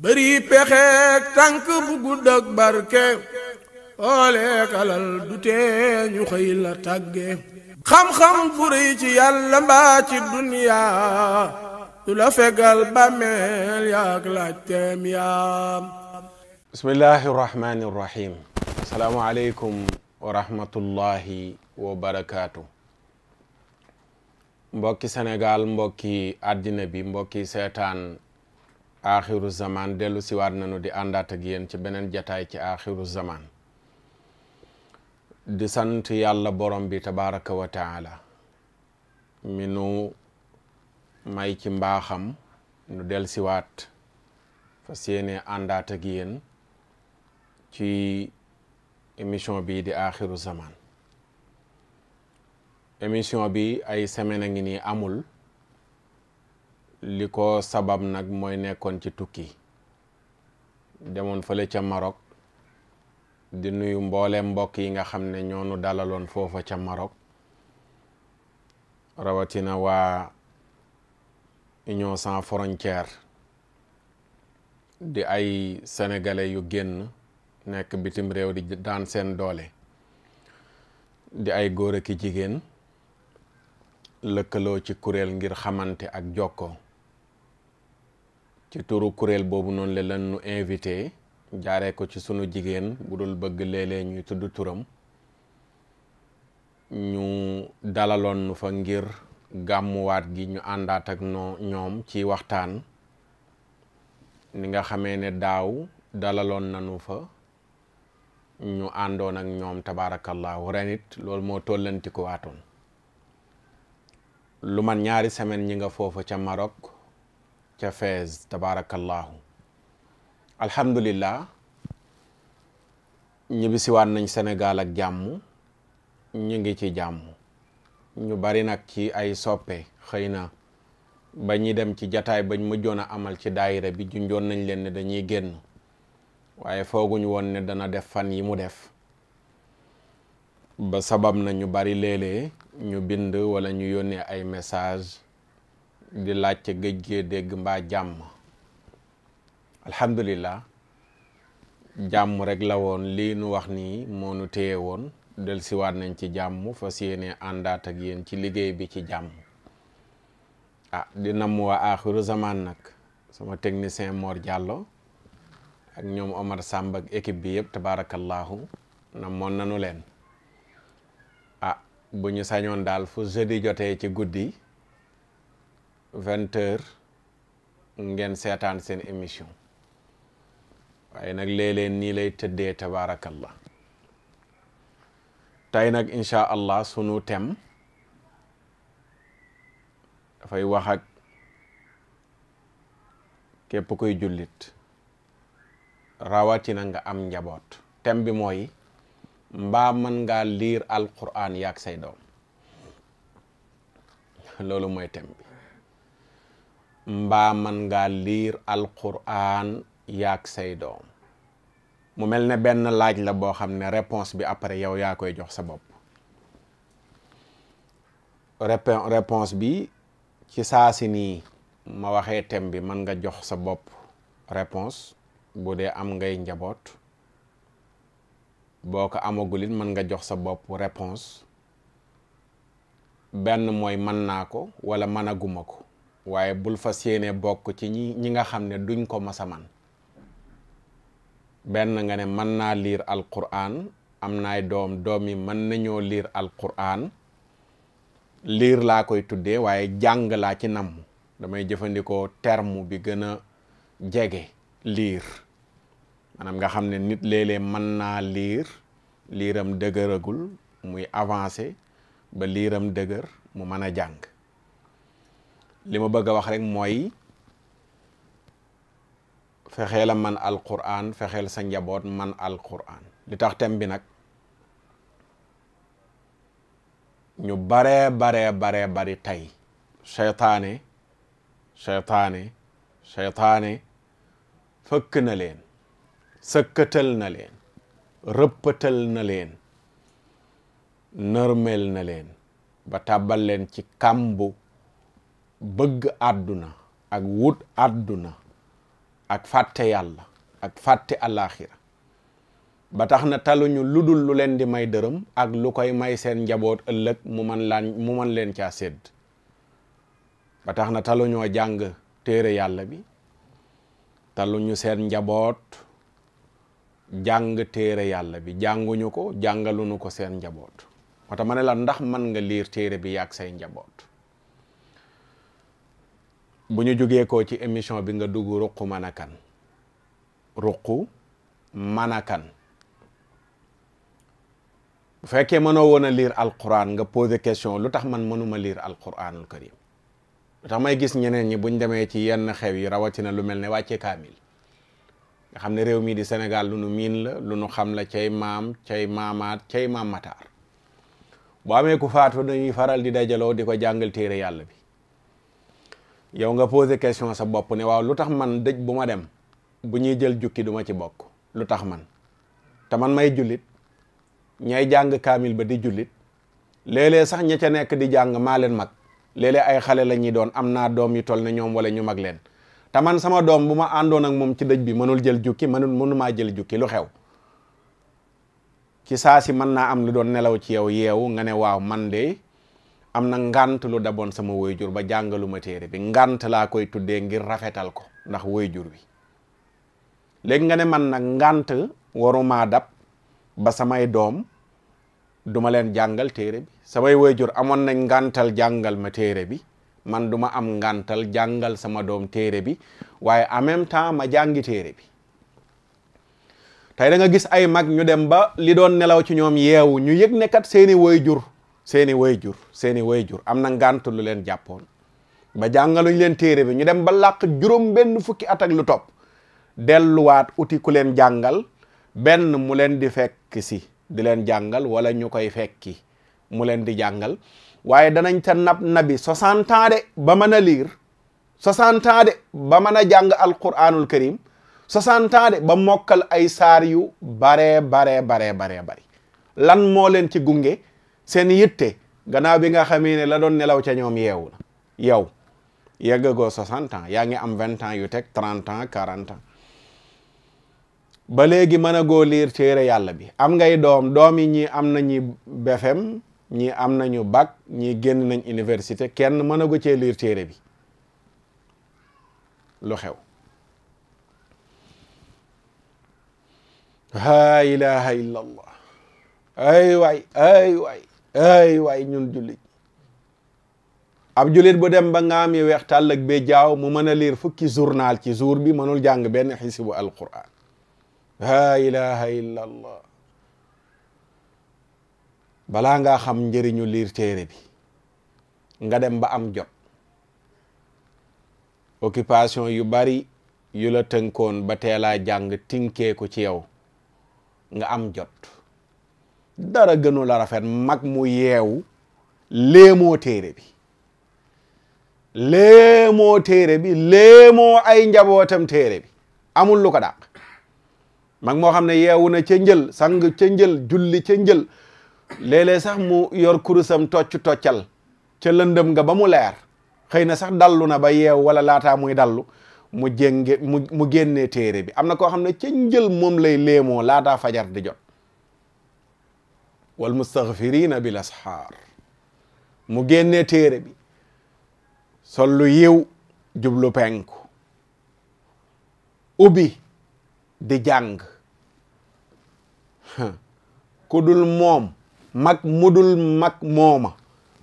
bëri pexeek tànk bu gudd ak barke xooleek alal du ñu xëy la tàgge xam-xam bu ci yàlla mbaa ci duniyaa du la fegal bàmmeel yaak laajteem yaam bismillahi irrahmani irrahim asalaamualeykum wa rahmatullahi wa mbokki Sénégal mbokki àddina bi mbokki seetaan aaxiru zaman dellu siwaat nañu di àndaat ak yéen ci beneen jataay ci aaxiru zaman di sant yàlla borom bi tabaraka wa taala mi nu may ci mbaaxam nu del siwaat fas yéene àndaat ak yéen ci émission bi di aaxiru zaman émission bi ay semaine a ngi nii amul li ko sabab nag mooy nekkoon ci tukki demoon fële ca Maroc di nuyu mboole mbokk yi nga xam ne ñoonu dalaloon foofa ca Maroc rawatina waa Union sans frontière di ay sénégalais yu génn nekk bitim réew di daan seen doole di ay góor ak jigéen lëkkaloo ci kuréel ngir xamante ak jokko ci turu kuréel boobu noonu la lan nu invité jaaree ko ci sunu jigéen bu dul bëgg léeg-léeg ñuy tudd turam ñu dalaloon nu fa ngir gàmmuwaat gi ñu àndaat ak noo ñoom ci waxtaan ni nga xamee ne daaw dalaloon nanu fa ñu àndoon ak ñoom tabaarakallaahu ren loolu moo tollanti ko waatoon lu man ñaari semaine ñi nga foofa ca Maroc ca Fès tabaarakallaahu alhamdulillah ñibbisiwaat nañ Sénégal ak jàmm ñu ngi ci jàmm ñu bari nag ci ay soppe xëy na ba ñuy dem ci jataay bañ mujjoon a amal ci daayira bi junjoon nañ leen ne dañuy génn waaye fooguñu woon ne dana def fan yi mu def ba sabab na ñu bari léeg-léeg ñu bind walla ñu yónnee ay message di laajte géej gee dégg mbaa jàmm alhamdulillah jàmm rek la woon lii nu wax nii moo nu téye woon del siwaat nañ ci jàmm fas yéene àndaat ak yéen ci liggéey bi ci jàmm ah di namm waa aaxiru zaman nag sama technicien Mor Diallo ak ñoom Omar Samb ak équipe bi yëpp tabaarakallaahu namoon nanu leen ah bu ñu sañoon daal fu jeudi jotee ci guddi vingt ngeen seetaan seen émission waaye nag léeg-léeg nii lay tëddee tabaarakallah tey nag incha allah sunu thème dafay wax ak képp kuy jullit rawatina nga am njaboot thème bi mooy mbaa man nga liir alquran yaag say doom loolu mooy thème mbaa man ngaa liir alquran yaag say doom mu mel ne benn laaj la boo xam ne réponse bi après yow yaa koy jox sa bopp réponse bi ci saa si nii ma waxee thème bi mën nga jox sa bopp réponse bu dee am ngay njaboot boo ko amagulit mën nga jox sa bopp réponse benn mooy mën naa ko wala mënaguma ko waaye bul fas yéene bokk ci ñi ñi nga xam ne duñ ko mas a man benn nga ne mën naa liir alquran am naay doom doom yi mën nañoo liir alquran liir laa koy tuddee waaye jàng laa ci namm damay jëfandikoo terme bi gën a jege liir maanaam nga xam ne nit léeg-léeg mën naa liir liiram dëgëragul muy avancé ba liiram dëgër mu mën a jàng li ma bëgg a wax rek mooy fexeel a man alquran fexeel sa njaboot man alquran li tax thème bi nag ñu bare bare baree bari tey seytaane seytaane seytaane fëkk na leen sëkkatal na leen rëppatal na leen nërmel na leen ba tàbbal leen ci kàmbu bëgg àdduna ak wut àdduna ak fàtte yàlla ak fàtte alaaxira ba tax na taluñu lu dul lu leen di may dërëm ak lu koy may seen njaboot ëllëg mu man leen caa sédd ba tax na taluñoo jàng téere yàlla bi taluñu seen njaboot jàng téere yàlla bi jànguñu ko jàngaluñu ko seen njaboot moo tax ma ne la ndax mën nga liir téere bi yàgg say njaboot bu ñu jógee ko ci émission bi nga dugg ruq manakan ruq manakan bu fekkee mënoo woon liir lire alquran nga posé question lu tax man mënuma lire alquranul karim lu tax may gis ñeneen ñi buñ demee ci yenn xew yi rawatina lu mel ne wàcce kaamil nga xam ne réew mii di Sénégal lu nu miin la lu nu xam la cay maam cay maamaat cay maam mataar boo amee ku faatu dañuy faral di dajaloo di ko jàngal téere yàlla bi yow nga posé question sa bopp ne waaw lu tax man dëj bu ma dem bu ñuy jël jukki duma ci bokk lu tax man te man may jullit ñay jàng kaamil ba di jullit léeg-léeg sax ña ca nekk di jàng maa leen mag léeg-léeg ay xale la doon am naa doom yi toll ne ñoom wala ñu mag leen te man sama doom bu ma àndoon ak moom ci dëj bi mënul jël jukki mënul maa jël jukki lu xew ci saa si mën naa am lu doon nelaw ci yow yeewu nga ne waaw man de am na ngant lu daboon sama woyjur ba ma téere bi ngant laa koy tuddee ngir rafetal ko ndax woyjur bi léegi nga ne man nag ngant waruma dab ba samay doom duma leen jàngal téere bi samay woyjur amoon nañ ngantal jàngal ma téere bi man duma am ngantal jàngal sama doom téere bi waaye en même temps ma jàngi téere bi tey da nga gis ay mag ñu dem ba li doon nelaw ci ñoom yeewu ñu yëg ne kat seeni woyjur seeni wayjur seeni wayjur am na ngànt lu leen jàppoon ba jàngaluñ leen téere bi ñu dem ba làq juróom benn fukki at ak lu topp delluwaat uti ku leen jàngal benn mu leen di fekk si di leen jàngal wala ñu koy fekki mu leen di jàngal waaye danañ ca nab nabi soixante ans de ba mën a liir soixante de ba mën a jàng alquranul karim soixante ans de ba mokkal ay saar yu baree bare baree baree bari lan moo leen ci gunge seen yitte gannaaw bi nga xamee ne la doon nelaw ca ñoom yeewu na yow yeggagoo 60 ans yaa ngi am 20 ans yu teg 30 ans 40 ba léegi mën liir téere yàlla bi am ngay doom doom yi ñii am nañu BFEM ñii am nañu bac ñii génn nañ université kenn mën go cee liir téere bi lu xew laa ilaha illa ay waay ay waay ay waaye ñun jullit ab jullit bu dem ba nga am yi weex tàll ak bee jaaw mu mën a liir fukki journal ci jour bi mënul jàng benn xisibu alquran laa ilaha illa allah balaa ngaa xam njëriñu liir téere bi nga dem ba am jot occupation yu bari yu la tënkoon ba teelaa jàng tinkee ko ci yow nga am jot dara gënu la rafet mag mu yeewu léemoo téere bi léemoo téere bi léemoo ay njabootam téere bi amul lu ko dàq mag moo xam ne yeewu na ca njël sang ca njël julli ca njël léeg sax mu yor kurusam tocc toccal ca lëndëm nga ba mu leer xëy na sax dallu na ba yeew wala laataa muy dallu mu jénge mu génnee téere bi am na koo xam ne ca njël moom lay léemoo laataa fajar di jot wal mustaghfirina bil asxaar mu génnee téere bi sol lu yiw jublu penku ubi di jàng kudul dul moom mag mudul dul mag mooma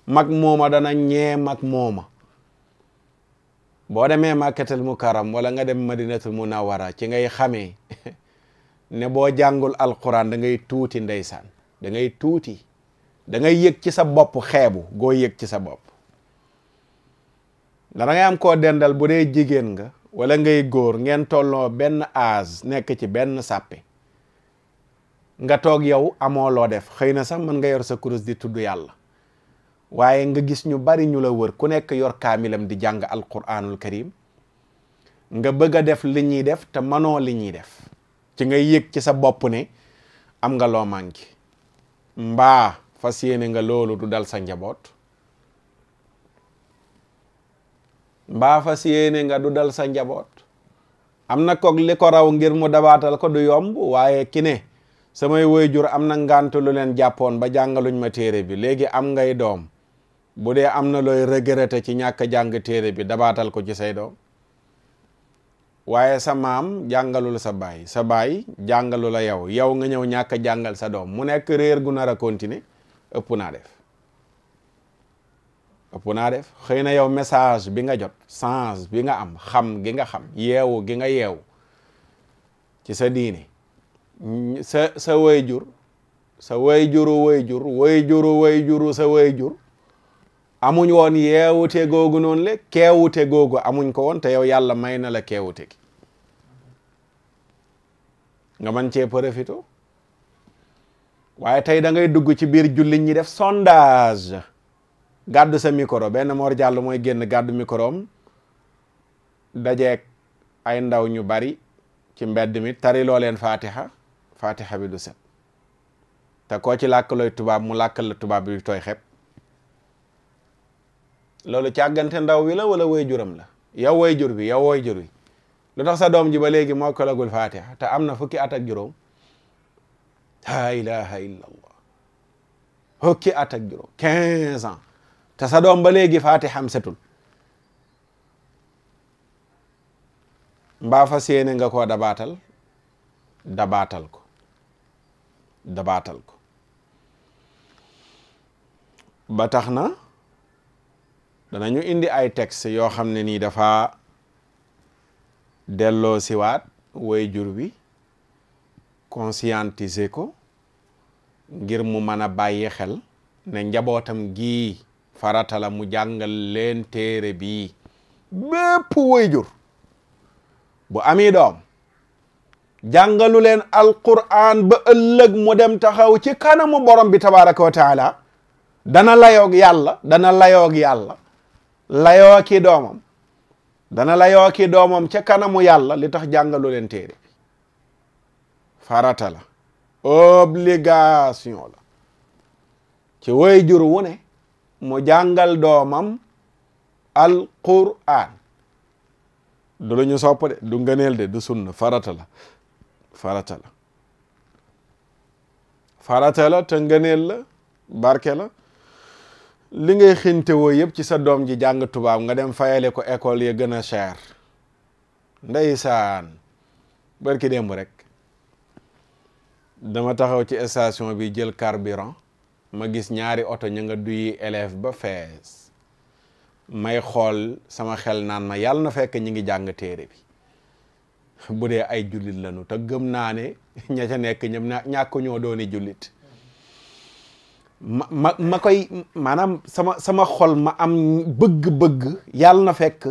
mag mooma dana ñee mag mooma boo demee makkatal mukarram wala nga dem madinatul munawara ci ngay xamee ne boo jàngul alquran da ngay tuuti ndeysaan dangay tuuti dangay ngay yëg ci sa bopp xeebu goo yëg ci sa bopp dana ngay am koo dendal bu dee jigéen nga wala ngay góor ngeen tolloo benn âge nekk ci benn sàppe nga toog yow amoo loo def xëy na sax mën nga yor sa kurus di tudd yàlla waaye nga gis ñu bari ñu la wër ku nekk yor kaamilam di jàng alquranul karim nga bëgg a def li ñuy def te manoo li ñuy def ci ngay yëg ci sa bopp ne am nga loo manqué mbaa fas yéene nga loolu du dal sa njaboot mbaa fas yéene nga du dal sa njaboot am na koog li ko raw ngir mu dabaatal ko du yomb waaye ki ne samay waajur am na ngant lu leen jàppoon ba jàngaluñ ma téere bi léegi am ngay doom bu dee am na looy regretter ci ñàkk jàng téere bi dabaatal ko ci say doom waaye sa maam jàngalu la sa baay sa baay jàngalu la yow yow nga ñëw ñàkk a jàngal sa doom mu nekk réer gu nar a ëpp naa def ëpp naa def xëy na yow message bi nga jot sens bi nga am xam gi nga xam yeewu gi nga yeewu ci sa diine sa sa wayjur sa wayjuru wayjur wayjuru wayjuru sa wayjur amuñ woon yeewute googu noonu le keewute googu amuñ ko woon te yow yàlla may na la keewute gi nga mën cee profité waaye tey da ngay dugg ci biir jullit ñi def sondage gàddu sa micro benn Mor jàll mooy génn gàddu mikoro am dajeek ay ndaw ñu bari ci mbedd mi tari loo leen fatiha fatiha bi du set te koo ci làkk looy tubaab mu làkkal la tubaab bi tooy xepp loolu àggante ndaw wi la wala woy juram la yow woy jur bi yow woy jur bi lu tax sa doom ji ba léegi mokkalagul fatiha te am na fukki at ak juróom laa ilaha illa fukki at ak juróom quinze ans te sa doom ba léegi fatiham setul mbaa fa séene nga koo dabaatal dabaatal ko dabaatal ko ba tax na danañu indi ay texte yoo xam ne nii dafa delloo siwaat waajur wi conscientiser ko ngir mu mën a bàyyi xel ne njabootam gi faratala mu jàngal leen téere bi bépp waajur bu ami doom jàngalu leen alquran ba ëllëg mu dem taxaw ci kanamu borom bi tabaraka wa taala dana layoog yàlla dana layoog dana la yoo doomam ca kanamu yàlla li tax jàngalu leen téere farata la obligation la ci way jur wu ne mu jàngal doomam alquran du lu ñu sopp de du ngëneel de du sunna farata la farata la farata la te la barke la li ngay xinte woo yëpp ci sa doom ji jàng tubaab nga dem fayale ko école ya gën a cher ndeysaan barki démb rek dama taxaw ci station bi jël carburant ma gis ñaari oto ña nga duyi élève ba fees may xool sama xel naan ma yàlla na fekk ñi ngi jàng téere bi bu dee ay jullit lañu te gëm naa ne ña ca nekk ñoom ñàkk ñoo dooni jullit ma ma ma koy maanaam sama sama xol ma am bëgg-bëgg yàlla na fekk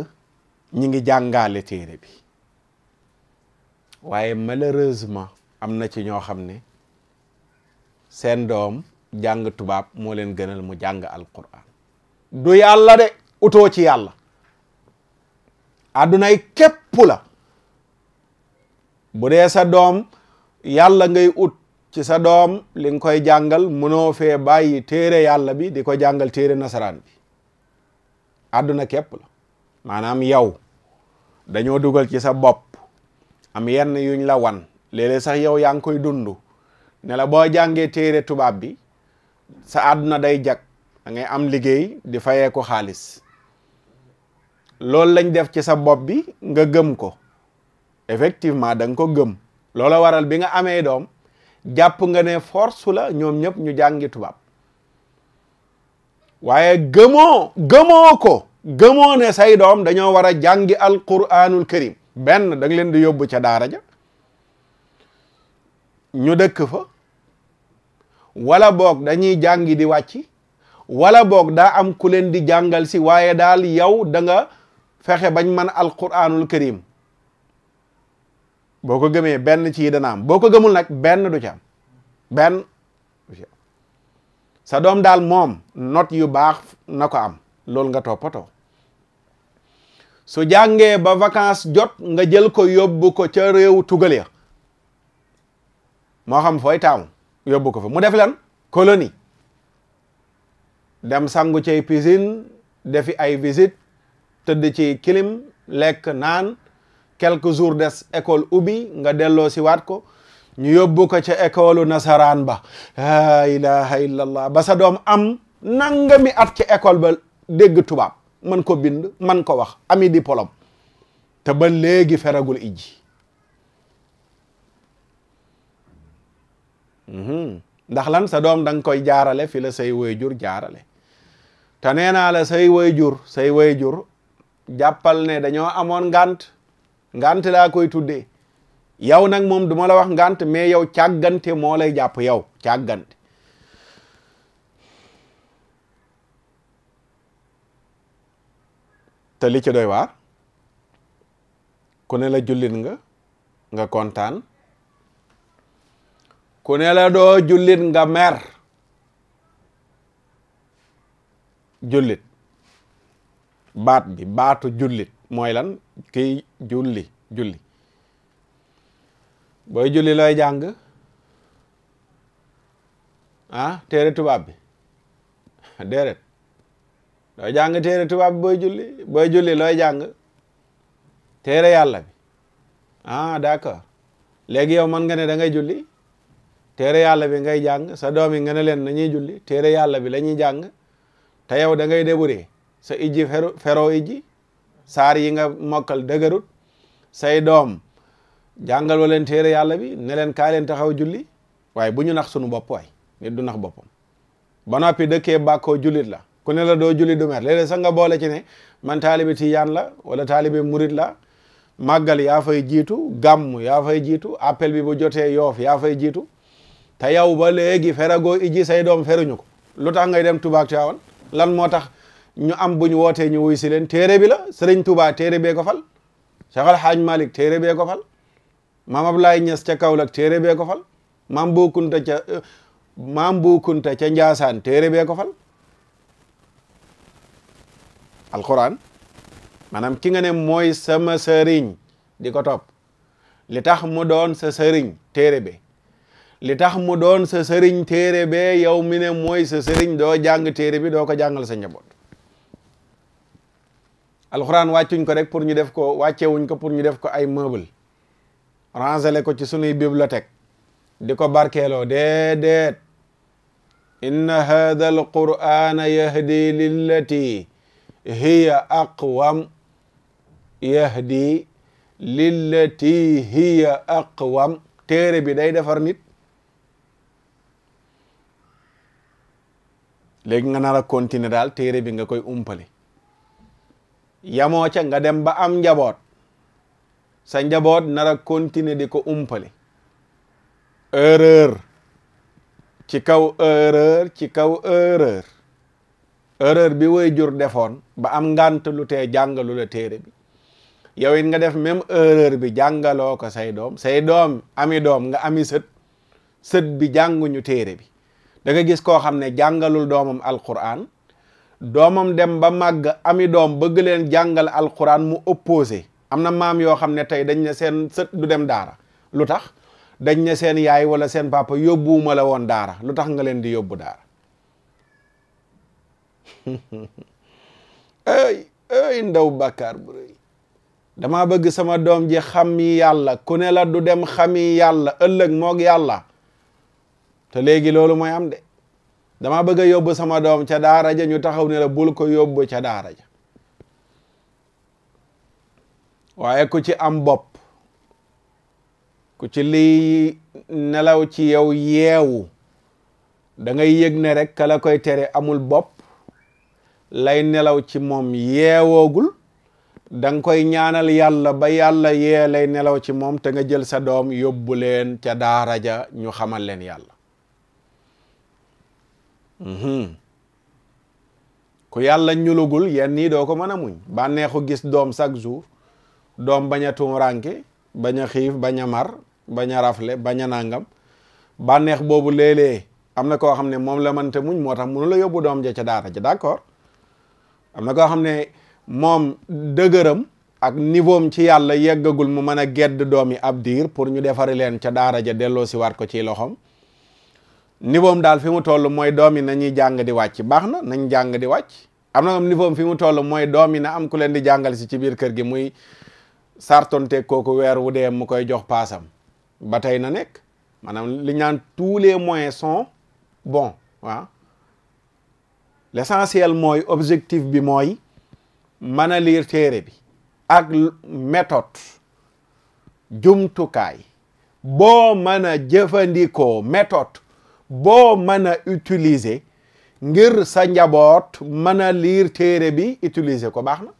ñi ngi jàngaale téere bi waaye malheureusement am na ci ñoo xam ne seen doom jàng tubaab moo leen gënal mu jàng alquran du yàlla de utoo ci yàlla addunay képp la bu dee doom yàlla ngay ut ci sa doom li nga koy jàngal mënoo fee bàyyi téere yàlla bi di ko jàngal téere nasaraan bi àdduna képp la maanaam yow dañoo dugal ci sa bopp am yenn yuñ la wan léeg sax yow yaa ngi koy dund ne la boo jàngee téere tubaab bi sa àdduna day jag dangay am liggéey di fayee ko xaalis loolu lañ def ci sa bopp bi nga gëm ko effectivement da ko gëm loola waral bi nga amee doom jàpp nga ne force ñoom ñëpp ñu jàngi tubaab waaye gëmoo gëmoo ko gëmoo ne say doom dañoo war a jàngi alquranul karim benn da leen di yóbbu ca daara ja ñu dëkk fa wala boog dañuy jàngi di wàcc wala boog daa am ku leen di jàngal si waaye daal yow danga fexe bañ mën alquranul karim boo ko gëmee benn ci dana am boo ko gëmul nag benn du ci am benn sa doom daal moom not yu baax na ko am loolu nga toppatoo su jàngee ba vacances jot nga jël ko yóbbu ko ca réew tugal ya moo xam fooy taamu yóbbu ko fa mu def lan colonie dem sangu cay piscine defi ay visite tëdd ci kilim lekk naan quelque jours des école ubbi nga delloo si waat ko ñu yóbbu ko ca école nasaraan ba la ilaha illallah ba sa doom am nangami at ca école ba dégg tubaab mën ko bind man ko wax ami diplôme te ba léegi feragul ijji mhm. ndax lan sa doom da koy jaarale fi la say waajur jaarale te nee naa la say waajur say waajur jàppal ne dañoo amoon ngànt ngant laa koy tudde yow nag moom du ma la wax ngant mais yow càggante moo lay jàpp yow càggante te li ci doy waar ku ne la jullit nga nga kontaan ku ne la doo jullit nga mer jullit baat bi baatu jullit mooy lan kiy julli julli booy julli looy jàng ah téere tubaab bi déeret looy jàng téere tubaab bi booy julli booy julli looy jàng téere yàlla bi ah d'accord léegi yow mën nga ne da julli tere yàlla bi ngay jàng sa doom yi nga ne leen nañuy julli téere yàlla bi la ñuy jàng te yow dangay ngay débure sa ijji fero ijji saar yi nga mokkal dëgërut say doom jàngal leen téere yàlla bi ne leen kaa taxaw julli waaye bu ñu nax sunu bopp waay nit du nax boppam ba noppi dëkkee bakko jullit la ku ne la doo julli du mer léeg-léeg sax nga boole ci ne man taalibi tiyaan la wala taalibi murit la màggal yaa fay jiitu gàmm yaafay jiitu appel bi bu jotee yoof yaa fay jiitu te yow ba léegi feragoo iji say doom feruñu ko lu tax dem tubaak caawan lan moo tax ñu am bu ñu wootee ñu wuy si leen téere bi la Serigne Touba téere bee ko fal Cheikh Al Hadj Malick téere bee ko fal maam Ablaye ca Kaolack téere bee ko fal maam ca euh, maam Bou ca Ndiassane téere bee ko fal alquran maanaam ki nga ne mooy sama sëriñ di ko top li tax mu doon sa sëriñ téere be li tax mu doon sa sëriñ téere be yow mi ne mooy sa sëriñ doo jàng tere bi doo ko jàngal sa njaboot alxuraan wàccuñ ko rek pour ñu def ko wàccewuñ ko pour ñu def ko ay meuble rangele ko ci sunuy bibliothèque di ko barkeloo barkeeloo déedéet inna hada alqur'ana yahdi lillati hiya aqwam yahdi lillati hiya wam téere bi day defar nit léegi nga nar a continuer daal téere bi nga koy umpale yamoo nga dem ba am njaboot sa njaboot nara continuer di ko umpale erreur ci kaw erreur ci kaw erreur erreur bi way jur defoon ba am ngant lu te jàngalu la téere bi yow it nga def même erreur bi jàngaloo ko say doom say doom ami doom nga ami sët sët bi jànguñu téere bi da gis koo xam ne jàngalul doomam alquran doomam dem ba màgg ami doom bëgg leen jàngal alquran mu opposé am na maam yoo xam ne tey dañ ne seen sët du dem daara lu tax dañ ne seen yaay wala seen papa yóbbuwuma la woon daara lu tax nga leen di yóbbu daara ey ey ndaw bàkkaar bu rëy dama bëgg sama doom ji xam yi yàlla ku ne la du dem xam yi yàlla ëllëg moog yàlla te léegi loolu mooy am de dama bëgg a yóbbu sama doom ca daara ñu taxaw ne la bul ko yóbbu ca daara waaye ku ci am bopp ku ci liy nelaw ci yow yeewu da yëg ne rek ka koy tere amul bopp lay nelaw ci moom yeewoogul da nga koy ñaanal yàlla ba yàlla yee lay nelaw ci moom te nga jël sa doom yóbbu leen ca daara ja ñu xamal leen yàlla Mhm. ku yàlla ñulugul yenn nii doo ko mën a muñ bànneexu gis doom chaque jour doom bañ a tumranke bañ a xiif bañ a mar bañ a rafle bañ a nàngam bànneex boobu léeg-léeg am na koo xam ne moom la mante muñ moo tax mënu la yóbbu doom ja ca daara ja d'accord am na koo xam ne moom dëgëram ak nivoom ci yàlla yeggagul mu mën a gedd doom yi ab diir pour ñu defari leen ca daara ja delloo si waat ko ci loxoom niveau am daal fi mu toll mooy doom yi nañuy jàng di wàcc baax na nañ jàng di wàcc am na niveau fi mu toll mooy doom yi na am ku leen di jàngal si ci biir kër gi muy sartonte kooku weer wu dee mu koy jox paasam ba tey na nekk maanaam li ñaan tous les moyens sont bons waaw l'essentiel mooy objectif bi mooy mën a lire téere bi ak méthode jumtukaay boo mën a jëfandikoo méthode boo mën a ngir sa njaboot mën a liir téere bi utiliser ko baax na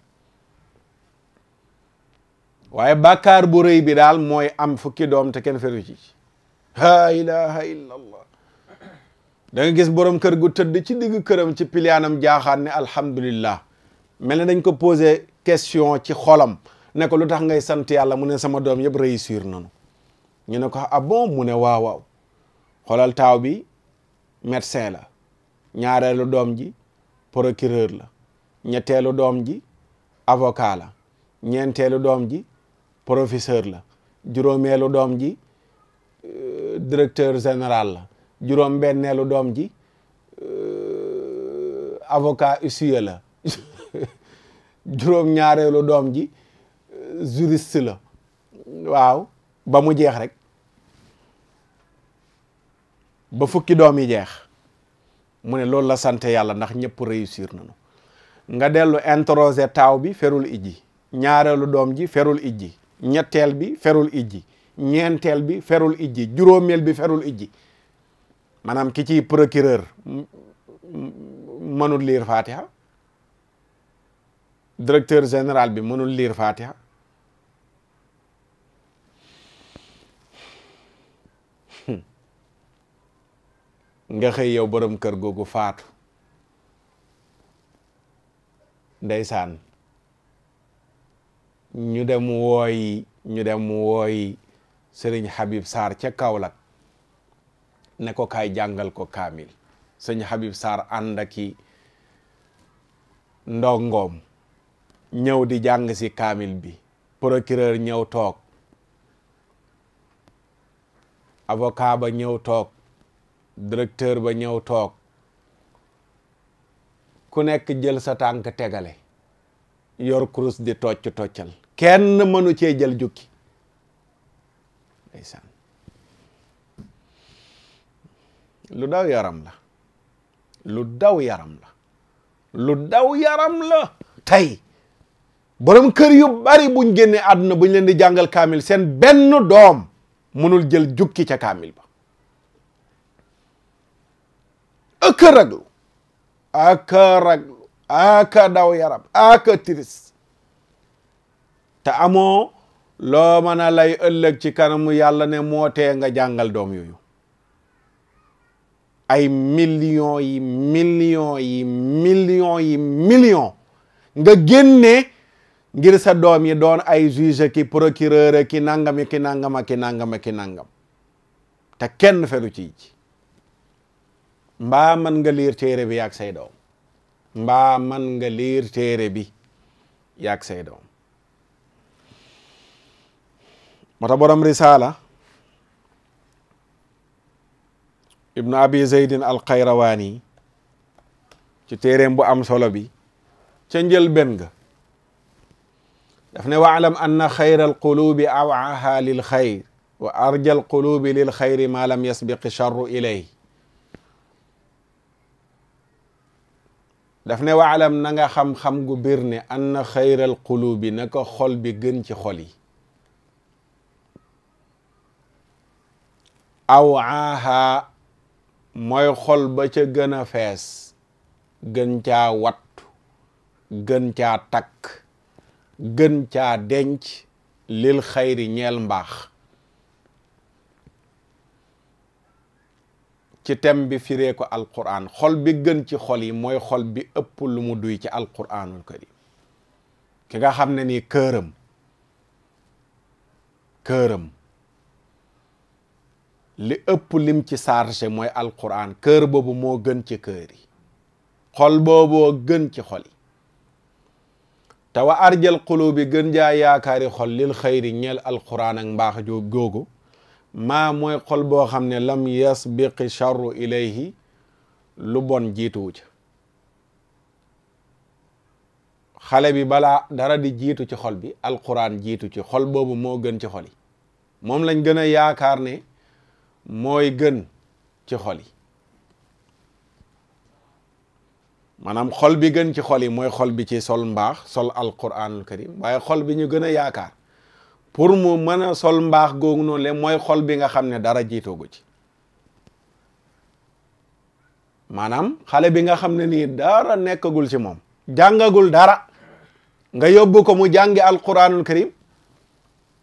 waaye bàkkaar bu rëy bi daal mooy am fukki doom te kenn feru ci laa ilaha illa allah da nga gis borom kër gu tëdd ci digg këram ci piliyaanam jaaxaan ne alhamdulillah mel ne dañ ko posé question ci xolam ne ko lu tax ngay sant yàlla mu ne sama doom yëpp réussir nanu ñu ne ko ah bon mu ne waaw xoolal taaw bi médecin la ñaareelu doom ji procureur la ñetteelu doom ji avocat la ñeenteelu doom ji professeur la juróomeelu doom ji euh, directeur général la juróom benneelu doom ji euh, avocat usuier la juróom ñaareelu doom ji euh, juriste la waaw ba mu jeex rek ba fukki doom yi jeex mu ne loolu la sant yàlla ndax ñëpp réussir nañu nga dellu introsé taaw bi ferul ijji ñaareelu doom ji ferul ijji ñetteel bi ferul ijji ñeenteel bi ferul ijji juróomeel bi ferul ijji maanaam ki ci procureur mënul liir Fatiha directeur général bi mënul lire Fatiha nga xëy yow borom kër googu faatu ndeysaan ñu dem wooyi ñu dem wooyi sëriñ Habib Sarr ca Kaolack ne ko kaay jàngal ko kaamil sëñ Habib Sarr ànd ak i ndongoom ñëw di jàng si kaamil bi procureur ñëw toog avocat ba ñëw toog directeur ba ñëw toog ku nekk jël sa tànk tegale yor kurus di tocc toccal kenn mënu cee jël jukki ndeysaan lu daw yaram la lu daw yaram la lu daw yaram la tey borom kër yu bari buñ génne àdduna buñ leen di jàngal kaamil seen benn doom mënul jël jukki ca kaamil ba ak a raglu ak a raglu ak a daw yaram ak te amoo loo mën lay ëllëg ci kanamu yàlla ne moote nga jàngal doom yooyu ay millions yi millions yi millions nga génne ngir sa doom yi doon ay juge ki procureur ki nangam ki nangam ki nangam ki te kenn felu ci ci mbaa man nga liir téere bi yaag say doom mbaa man nga liir téere bi yaag say doom moo tax borom risaala ibnu abi zeydin al qayrawaani ci téereem bu am solo bi ca njël benn ga daf ne waalam anna xayra al qulubi awaaha lil xayr wa arja al qulubi lil xayri ma lam yasbiqi charru ilayh def ne waalam na nga xam-xam gu bir ne anna xayral qulubi naka xol bi gën ci xol yi aw aaha mooy xol ba ca gën a fees gën caa wat gën caa takk gën caa denc lil xayri ñeel mbaax ci thème bi firee ko alquran xol bi gën ci xol yi mooy xol bi ëpp lu mu duy ci alquranul karim ki nga xam ne nii këram këram li ëpp lim ci chargé mooy alquran kër boobu moo gën ci kër yi xol booboo gën ci xol yi te wa arjal qulubi gën jaa yaakaari xol lil xayri ñeel alquran ak mbaax joo googu maa mooy xol boo xam ne lam yasbiqi charru ilayhi lu bon jiituwu ca xale bi balaa dara di jiitu ci xol bi alquran jiitu ci xol boobu moo gën ci xol yi moom lañ gën a yaakaar ne mooy gën ci xol yi maanaam xol bi gën ci xol yi mooy xol bi ci sol mbaax sol alquranul karim waaye xol bi ñu gën a yaakaar pour mu mën a sol mbaax googu noonu le mooy xol bi nga xam ne dara jiitoogu ci maanaam xale bi nga xam ne nii dara nekkagul ci moom jàngagul dara nga yóbbu ko mu jàngi alquranul karim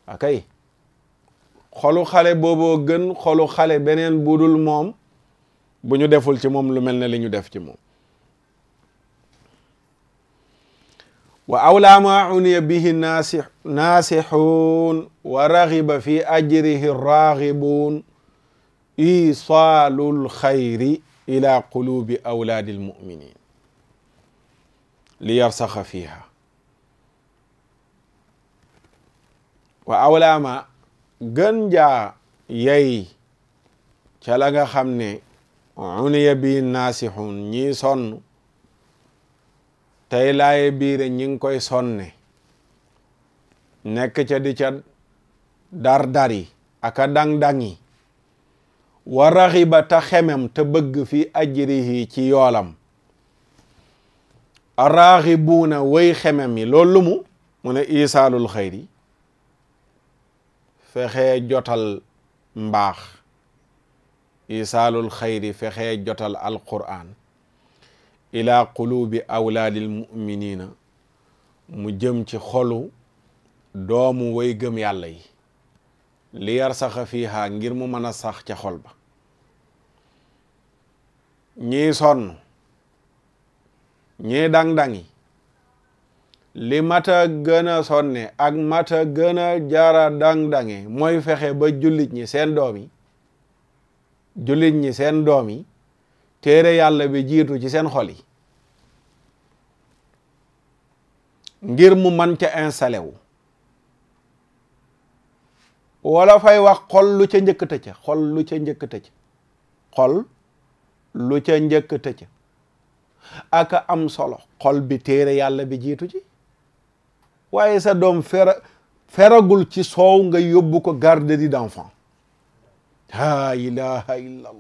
akay xolu xale booboo gën xolu xale beneen budul moom bu ñu deful ci moom lu mel ne li ñu def ci moom wa awlaa maa uniya bihi naasi naasixuun wa raxiba fi ajrihi raaxibuun isaalul xayri ila qulubi awlaadi almuminin li yarsaxa fiha wa awlaama gën jaa yey ca la nga xam ne uniya bi naasixuun ñii sonn tey laaye biire ñi ngi koy sonne nekk ca di ca dar-dari aka dang-dangi wa raxiba ta xemem te bëgg fi ajrihi ci yoolam a raxibuuna way xemem yi loolu lu mu mu ne isaalul xayri fexee jotal mbaax isaalul xayri fexee jotal alquran ila qulubi awlaadil muminina mu jëm ci xolu doomu way gëm yàlla yi li yar saxa fiiha ngir mu mën a sax ca xol ba ñii sonn ñii dang-dangi li mata gën sonne ak mata gën a jara dang-dange mooy fexe ba jullit ñi seen doom jullit ñi seen doom yi téere yàlla bi jiitu ci seen xol yi ngir mu man ca installé wu wala fay wax xol lu ca njëkk tëcc xol lu ca njëkk tëcc xol lu ca njëkk tëcc aka am solo xol bi téere yàlla bi jiitu ci waaye sa doom fera feragul ci soow nga yóbbu ko garderie d'enfant laa ilaha illa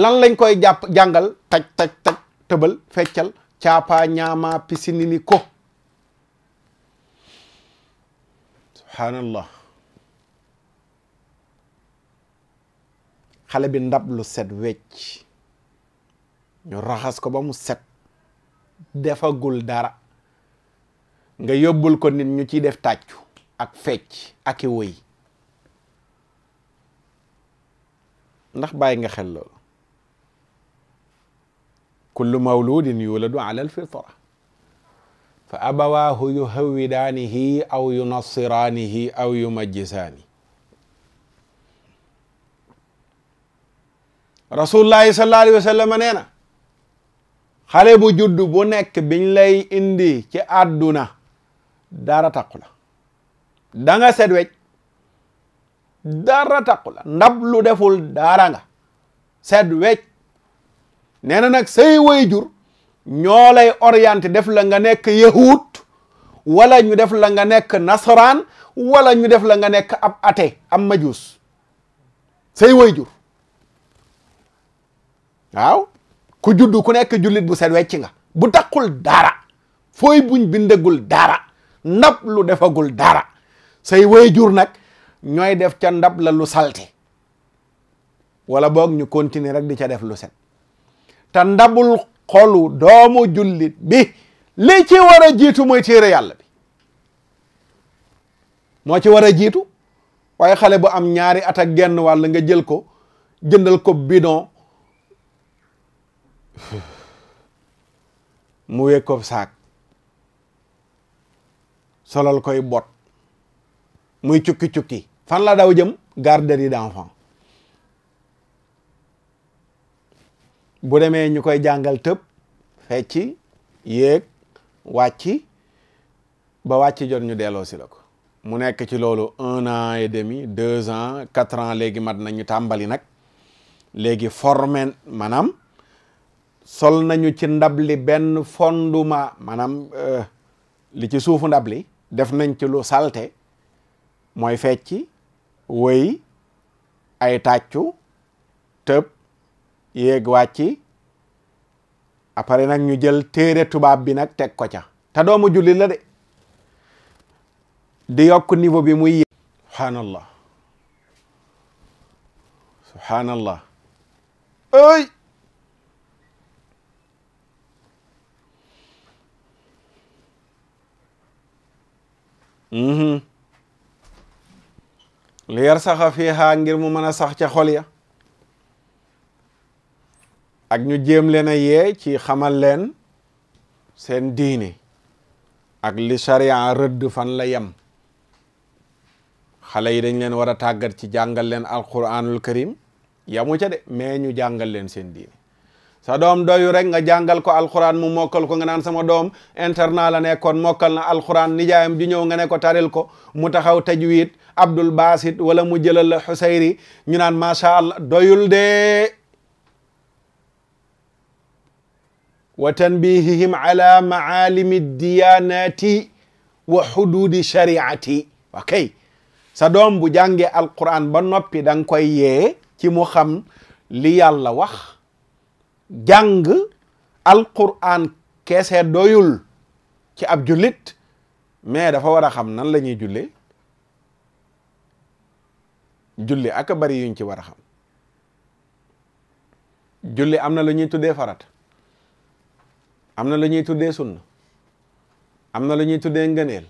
lan lañ koy jàpp jàngal taj taj taj tëbal feccal caapaa ñaamaa pisini ni ko subhaanallah xale bi ndab lu set wecc ñu raxas ko ba mu set defagul dara nga yóbbul ko nit ñu ci def tàccu ak fecc ak i woy ndax bàyyi nga xel loolu kullu mawludin yuladu ala alfitra fa abawaahu yuhawidaanihi aw yunassiraanihi aw yumajjisaani rasulullahi sallallahu alayhi wa sallam nee na xale bu judd bu nekk biñ lay indi ci àdduna dara taqu la da set wecc dara taqu la ndab lu deful dara nga set wecc nee na nag say ñoo lay orienté def la nga nekk yahud wala ñu def la nga nekk nasaraan wala ñu def la nga nekk ab ate am majuus say wayjur waaw ku juddu ku nekk jullit bu set wecc nga bu takkul dara fooy buñ bindagul dara ndab lu defagul dara say wayjur nag ñooy def ca ndab la lu salte wala boog ñu continuer rek di ca def lu set te ndabul xolu doomu jullit bi li ci war a jiitu mooy téere yàlla bi moo ci war a jiitu waaye xale bu am ñaari at genn wàll nga jël ko jëndal ko bidon mu wéeg ko saak solal koy bot muy cukki-cukki fan la daw jëm garderie d'enfants bu demee ñu koy jàngal tëb fecci yéeg wàcci ba wàcci jot ñu delloo si la ko mu nekk ci loolu un an et demi deux ans quatre ans léegi mat nañu tàmbali nag léegi formé maanaam sol nañu ci ndab li benn fondement maanaam euh, li ci suufu ndab li def nañ ci lu salte mooy fecci wëy ay tàccu tëb yéeg wàcci après nag ñu jël téere tubaab bi nag teg ko ca te doomu jullit la de di yokk niveau bi muy yéeg subhaanallah subhaanallah ay mhm. li yarsaxa fiihaa ngir mu mën a sax ca xol ya ak ñu jéem leen a ci xamal leen seen diine ak li charia rëdd fan la yem xale yi dañ leen war a tàggat ci jàngal leen alquranul karim yamu ca de mais ñu jàngal leen seen diine sa doom doyu rek nga jàngal ko alquran mu mokkal ko nga naan sama doom internat la nekkoon mokkal na alquran nijaayam ju ñëw nga ne ko taril ko mu taxaw tajwid abdul basit wala mu jëlal la ñu naan macha allah doyul de wa tanbihihim ala maalimi diyanati wa hududi shariati ok sa doom bu jàngee alquran ba noppi da koy yee ci mu xam li yàlla wax jàng alquran keese doyul ci ab jullit mais dafa war a xam nan la ñuy julli aka bari yuñ ci war a xam julli am na lu ñuy tuddee farat am na lu ñuy tuddee sunna am na lu ñuy tuddee ngëneel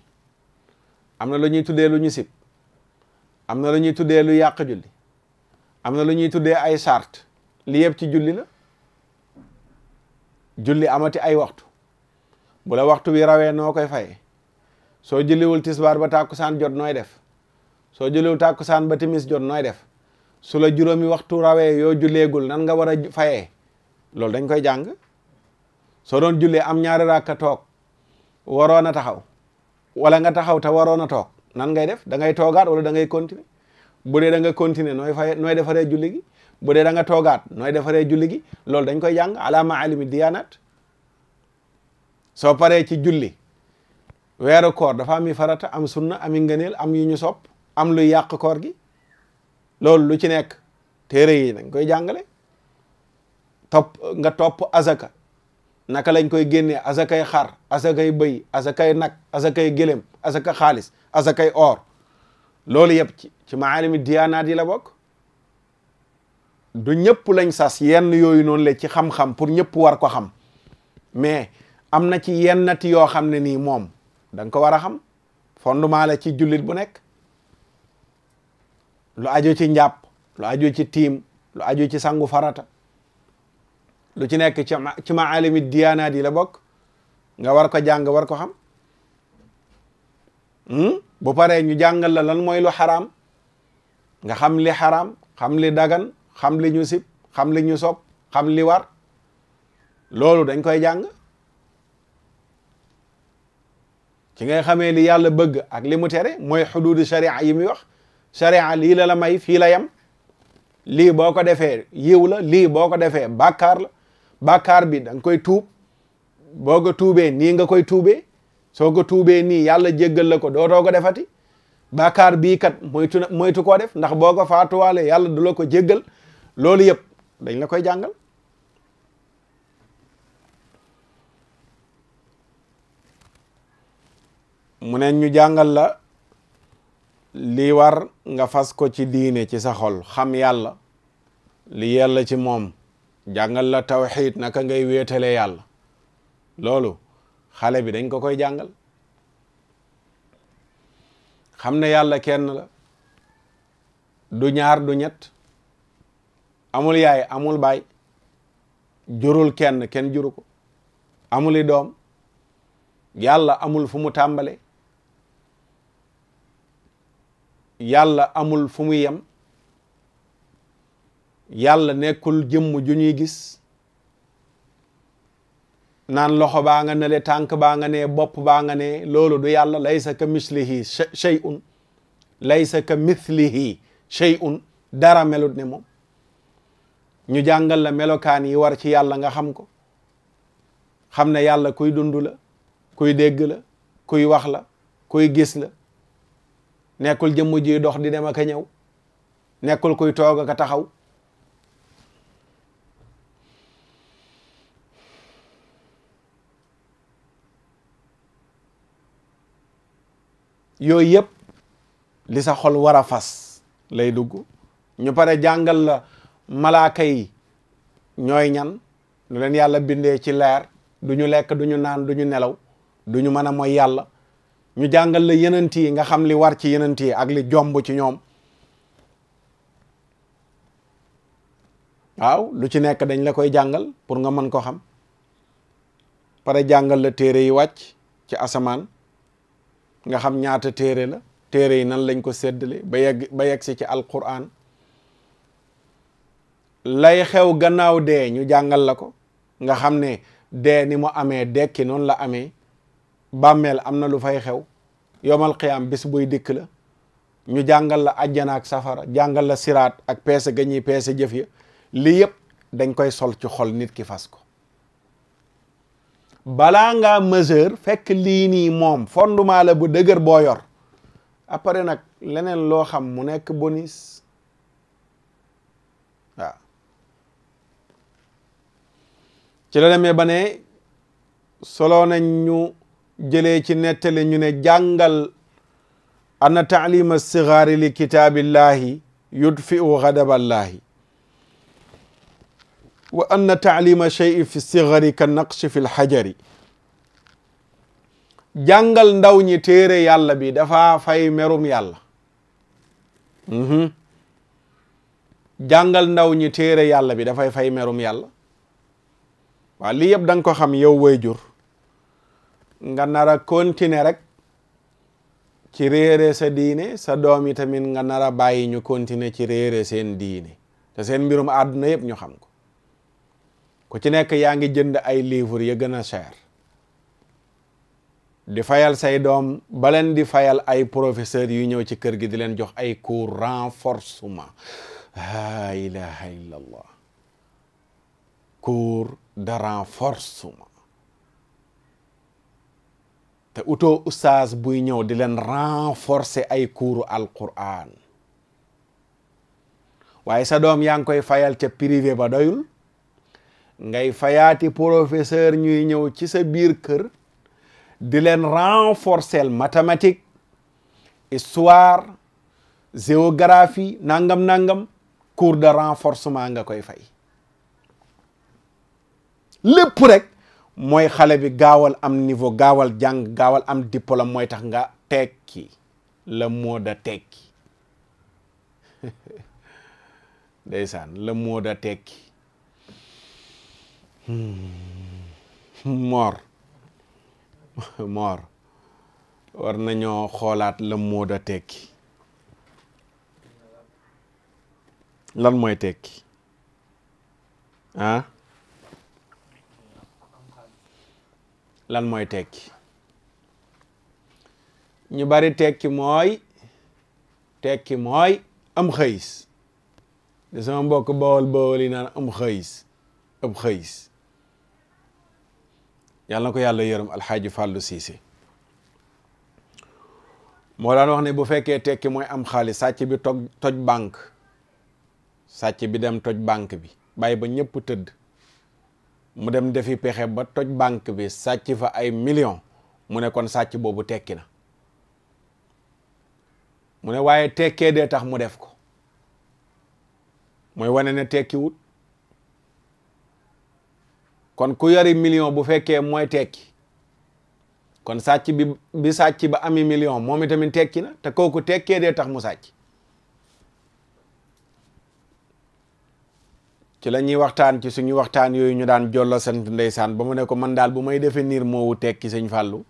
am na lu ñuy tuddee lu ñu sib am na lu ñuy tuddee lu yàq julli am na lu ñuy tuddee ay sart li yëpp ci julli la julli amati ay waxtu bu la waxtu bi rawee noo koy fayee soo julliwul tisbaar ba saan jot nooy def soo julliwul tàkkusaan ba timis jot nooy def su la juróomi waxtu rawee yoo julleegul nan nga war a fayee loolu dañ koy jàng soo doon jullee am ñaari raaka toog waroon a taxaw wala nga taxaw te waroon a toog nan ngay def dangay ngay toogaat wala da ngay continuer bu dee da nga continuer nooy fay nooy defaree julli gi bu dee da nga toogaat nooy defaree julli gi loolu dañ koy jàng ala maalimi diyaanat soo paree ci julli weeru koor dafa am i farata am sunna am i nganeel am yu ñu sopp am luy yàq koor gi loolu lu ci nekk téere yi dañ koy jàngale topp nga topp azaka naka lañ koy génnee asakay xar asakay bëy asakay nag asakay gëlem asaka xaalis asakay or loolu yëpp ci ci maalimi diyaanaat yi la bokk du ñëpp lañ sas yenn yooyu noonu la ci xam-xam pour ñëpp war ko xam mais am na ci yennati yoo xam ne nii moom da ko war a xam fondement la ci jullit bu nekk lu aju ci njàpp lu aju ci tiim lu aju ci sangu farata lu ci nekk ci ci maalimi diyaanaat yi la bokk nga war ko jàng war ko xam hmm? bu paree ñu jàngal la lan mooy lu xaraam nga xam li xaraam xam li dagan xam li ñu sib xam li ñu sob xam li war loolu dañ koy jàng ci ngay xamee li yàlla bëgg ak li mu tere mooy xuduudu sharia yi muy wax sharia lii la la may fii la yem lii boo ko defee yiw la lii boo ko defee bàkkaar la bàkkaar bi da koy tuub boo ko tuubee nii nga koy tuubee soo ko tuubee nii yàlla jéggal la ko dootoo ko defati bàkkaar bii kat moytu moytu koo def ndax boo ko faatuwaale yàlla du la ko jéggal loolu yëpp dañ la koy jàngal mu ne ñu jàngal la li war nga fas ko ci diine ci sa xol xam yàlla li yàlla ci moom jàngal la tawxiid naka ngay wéetale yàlla loolu xale bi dañ ko koy jàngal xam ne yàlla kenn la du ñaar du ñett amul yaay amul baay jurul kenn kenn juru ko amuli doom yàlla amul fu mu tàmbale yàlla amul fu mu yem yàlla nekkul jëmm ju ñuy gis naan loxo baa nga nele tànk baa nga ne bopp baa nga ne loolu du yàlla laysa ka mislihi shay'un laysa ka mithlihi shay'un dara melut ne moom ñu jàngal la melokaan yi war ci yàlla nga xam ko xam na yàlla kuy dund la kuy dégg la kuy wax la kuy gis la nekkul jëmm ji dox di dem ak ñëw nekkul kuy toog ak a taxaw yooyu yëpp li sa xol war a fas lay dugg ñu pare jàngal la malaaka yi ñooy ñan nu leen yàlla bindee ci leer du ñu lekk du ñu naan du ñu nelaw du ñu mën a mooy yàlla ñu jàngal la yenant yi nga xam li war ci yenant yi ak li jomb ci ñoom waaw lu ci nekk dañ la koy jàngal pour nga mën ko xam pare jàngal la téere yi wàcc ci asamaan nga xam ñaata téere la téere yi nan lañ ko séddale ba yegg ba yegg si ci alquran lay xew gannaaw dee ñu jàngal la ko nga xam ne dee ni mu amee dekki noonu la amee bàmmeel am na lu fay xew yomal qiyaam bis buy dikk la ñu jàngal la ajjana ak safara jàngal la siraat ak peese ga peese jëf ya lii yëpp dañ koy sol ci xol nit ki fas ko balaa nga mesure fekk lii nii moom fondement la bu dëgër boo yor après nag leneen loo xam mu nekk bonus waaw ci la demee ba ne solo nañ ñu jëlee ci nettali ñu ne jàngal anna taalima sigaari li kitaabillahi yudfiu ghadaballahi wa anna taalima cheyi fi sigari ka naqshi fi lxajari jàngal ndaw ñi téere yàlla bi dafa fay merum yàlla mhm. jàngal ndaw ñi téere yàlla bi dafay fay merum yàlla waaw lii yëpp da nga ko xam yow wayjur nga nar a continuer rek ci réere sa diine sa doom yi tamit nga nar a bàyyi ñu continuer ci réere seen diine te seen mbirum àdduna yëpp ñu xam ku ci nekk yaa ngi jënd ay livres ya gën a cher di fayal say doom baleen di fayal ay professeurs yu ñëw ci kër gi di leen jox ay cours renforcement la ilaha illallah cours de renforcement te uto ustaas buy ñëw di leen renforcer ay cours alquran waaye sa doom yaa ngi koy fayal ca privé ba doyul ngay fayaati professeur ñuy ñëw ci sa biir kër di leen renforcer mathématique histoire géographie nangam nangam cours de renforcement nga koy fay lépp rek mooy xale bi gaawal am niveau gaawal jàng gaawal am diplôme mooy tax nga tekki le mot de tekki ndeysaan le mot de tekki moor hmm. moor war nañoo xoolaat la mooda tekki lan mooy tekki ah lan mooy tekki ñu bari tekki mooy tekki mooy am xëyis de sama mbokk bawol bawol naan am xëyis am xëyis yàlla na ko yàlla yërëm alxaaji fàllu siise moo daan wax ne bu fekkee tekki mooy am xaalis sàcc bi toj toj banque sàcc bi dem toj banque bi bàyyi ba ñëpp tëdd mu dem defi pexe ba toj banque bi sàcc fa ay million mu ne kon sàcc boobu tekki na mu ne waaye tekkee dee tax mu def ko mooy wane ne tekkiwut kon ku yari million bu fekkee mooy tekki kon sàcc bi bi sàcc ba ami million moom itamit tekki na te kooku tekkee dee tax mu sàcc ci lañuy waxtaan ci suñu waxtaan yooyu ñu daan jollo sant ndeysaan ba mu ne ko man daal bu may définir moowu tekki sëñ fallu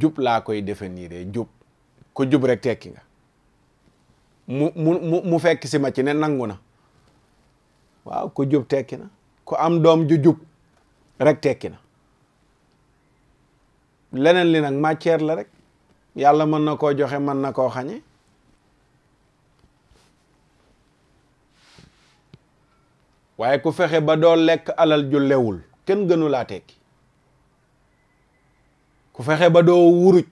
jub laa koy définir jub ku jub rek tekki nga mu mu fekk si ma ci ne nangu na waaw ku jub tekki na ku am doom ju jub rekk tekki na leneen li nag matière la rekk yàlla mën na koo joxe mën na koo xañe waaye ku fexe ba doo lekk alal ju lewul kenn gënu laa tekki ku fexe ba doo wuruj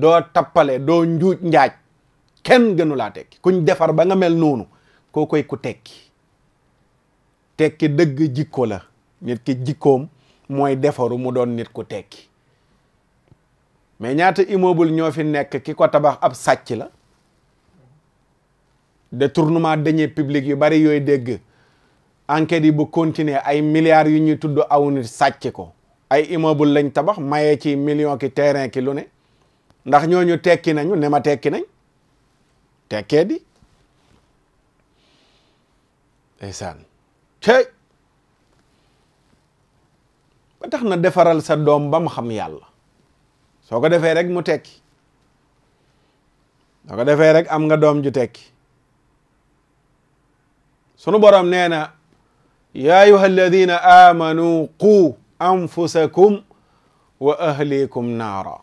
doo tappale doo njuuj njaaj kenn gënu laa tekki kuñ defar ba nga mel nuunu koo koy ku tekki tekki dëgg jikko la nit ki jikkoom mooy defaru mu doon nit ku tekki mais ñaata immeuble ñoo fi nekk ki ko tabax ab sàcc la de tournement deniers publics yu bari yooyu dégg enquêtes yi bu continuer ay milliards yu ñuy tudd aw nit sàcc ko ay immeuble lañ tabax maye ci million ki terrain ki lu ne ndax ñooñu tekki nañu ne ma tekki nañ tekkee di ndeysaan tey ba tax na defaral sa doom bam xam yàlla soo ko defee rek mu tekki soo ko defee rek am nga doom ju tekki sunu borom nee na yaa ayuha alladina amanu qu anfusakum wa ahlikum naara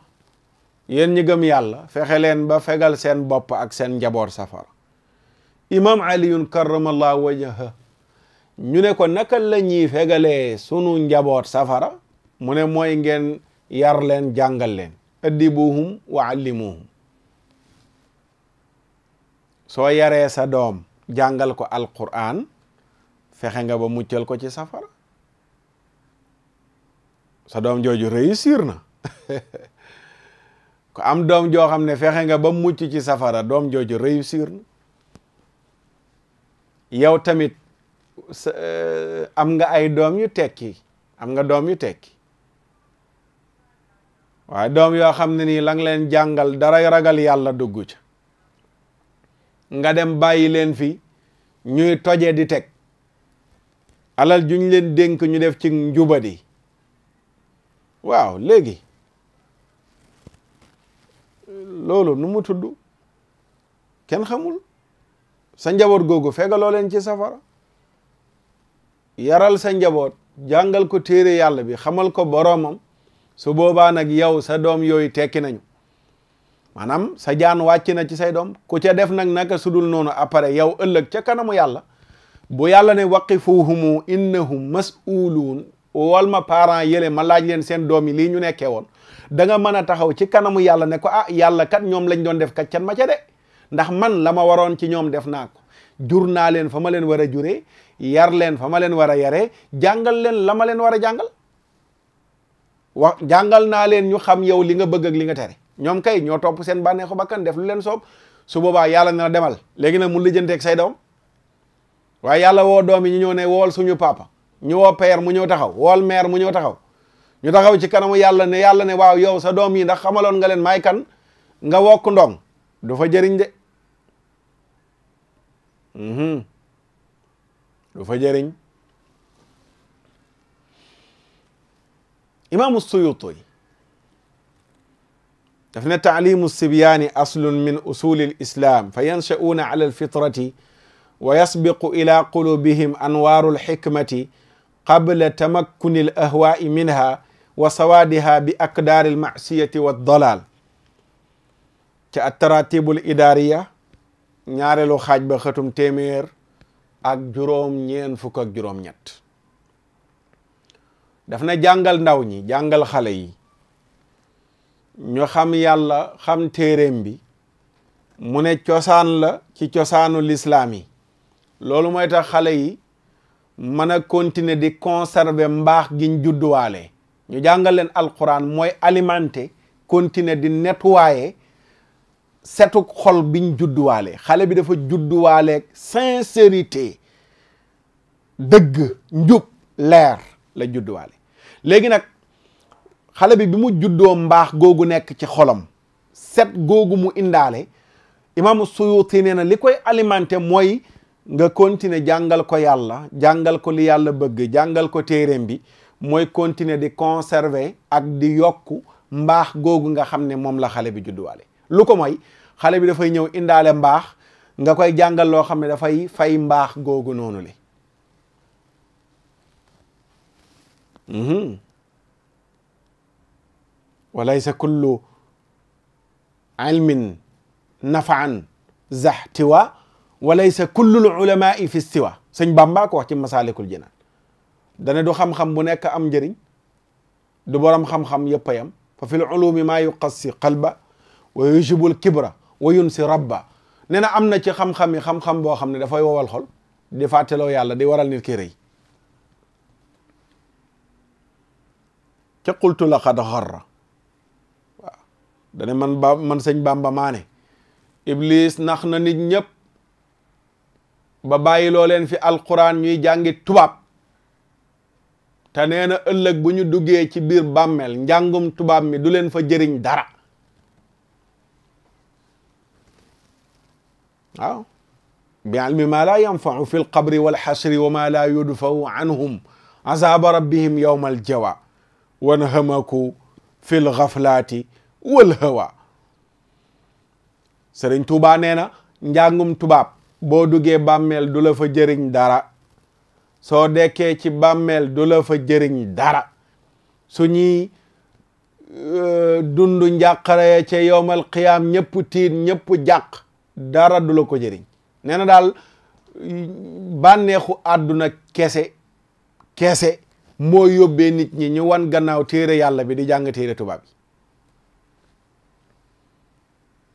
yéen ñi gëm yàlla fexe leen ba fegal seen bopp ak seen njaboor safara imam aliyun karamallahu wajhahu ñu ne ko naka la ñuy fegalee sunu njaboot safara mu ne mooy ngeen yar leen jàngal leen addibuhum wa allimuhum soo yaree sa doom jàngal ko alquran fexe nga ba muccal ko ci safara sa doom jooju réussir na ko am doom joo xam ne fexe nga ba mucc ci safara doom jooju réussir na yow tamit Eh, am nga ay doom yu tekki am nga doom yu tekki waaye doom yoo xam ne nii lang leen jàngal dara ragal yàlla dugg ca nga dem bàyyi leen fi ñuy toje di teg alal juñ leen dénk ñu def ci njubadi waaw léegi loolu nu mu tudd kenn xamul sa njaboot googu fegaloo leen ci safara yaral sa njaboot jàngal ko téere yàlla bi xamal ko boromam su boobaa nag yow sa doom yooyu tekki nañu maanaam sa jaan wàcc na ci say doom ku ca def nag naka sudul noonu après yow ëllëg ca kanamu yàlla bu yàlla ne waqifuhumu innahum mas'uluun wal ma parents yële ma laaj leen seen doom yi lii ñu nekkee woon da mën a taxaw ci kanamu yàlla ne ko ah yàlla kat ñoom lañ doon def kat can ma ca de ndax man la ma waroon ci ñoom def naa ko jur naa leen fa ma leen war a juree yar leen fa ma leen war a yaree jàngal leen la ma leen war a jàngal wa jàngal naa leen ñu xam yow li nga bëgg li nga tere ñoom kay ñoo topp seen bànneexu bakkan def lu leen soob su boobaa yàlla na demal léegi nag mu lijjanteeg say doom waaye yàlla woo doom yi ñu ñëw ne wool suñu papa ñu woo père mu ñëw taxaw wool mère mu ñëw taxaw ñu taxaw ci kanamu yàlla ne yàlla ne waaw yow sa doom yi ndax xamaloon nga leen may kan nga wokk ndong du fa jëriñ de. Mhm. lu fa jëriñ imaamu suyuti daf ne taalimu sibyaani aslun min usuli lislaam fa yansha'uuna ala alfitrati wa yasbiqu ila qulubihim anwaaru alxikmati qabla tamakkuni alahwaai minha wa sawaadiha bi akdaari almasiyati waddalaal ca attaratibu lidaariya ñaareelu xaaj ba xëtum téeméer ak juróom ñeen fukk ak juróom ñett daf na jàngal ndaw ñi jàngal xale yi ñu xam yàlla xam téeréem bi mu ne cosaan la ci cosaanu lislaam yi loolu mooy tax xale yi mën a continuer di conserver mbaax giñ judduwaale ñu jàngal leen alquran mooy alimenter continuer di nettoyer setuk xol biñ judduwaale xale bi dafa judduwaaleeg sincérité dëgg njub leer la judduwaale léegi nag xale bi bi mu juddoo mbaax googu nekk ci xolam set googu mu indaale imaamu suyuti nee na li koy alimenté mooy nga continuer jàngal ko yàlla jàngal ko li yàlla bëgg jàngal ko téeréem bi mooy continuer di conserver ak di yokk mbaax googu nga xam ne moom la xale bi judduwaale luko ko mooy xale bi dafay ñëw indaale mbaax nga koy jàngal loo xam ne dafay fay mbaax googu noonu li mhm. walaysa kullu ilmin nafaan zahtiwa walaysa kullul ulamai fi stiwa sëñ Bàmba wax ci masaalikul jinaan dane du xam-xam bu nekk am njëriñ du borom xam-xam yëpp a yam fa fil ulumi maa yuqassi qalba wa yujibul kibra wa yunsi rabba nee na am na ci xam-xam yi xam boo xam ne dafay wowal xol di fàttaloo yàlla di waral nit ki rëy ca qultu laqad xarra waaw dane man ba man sëñ Bamba maane Iblis nax na nit ñëpp ba bàyyi loo leen fi alquran ñuy jàngi tubaab te nee na ëllëg bu ñu duggee ci biir bàmmeel njàngum tubaab mi du leen fa jëriñ dara waaw bi almi maa laa yanfau fi lqabri walxasri wa maa laa yudfau anhum azaba rabbihim yowma aljawa wanhamaku fi lgaflaati walhawa sëriñ Tuubaa nee na njàngum tubaab boo duggee bàmmeel du la fa jëriñ dara soo dekkee ci bàmmeel du la fa jëriñ dara suñuy euh, dund njàqare ca yowmal qiyaam ñëpp tiit ñëpp jàq dara du la ko jëriñ nee na daal bànneexu àdduna kese kese moo yóbbee nit ñi ñu wan gannaaw téere yàlla bi di jàng téere tubaab yi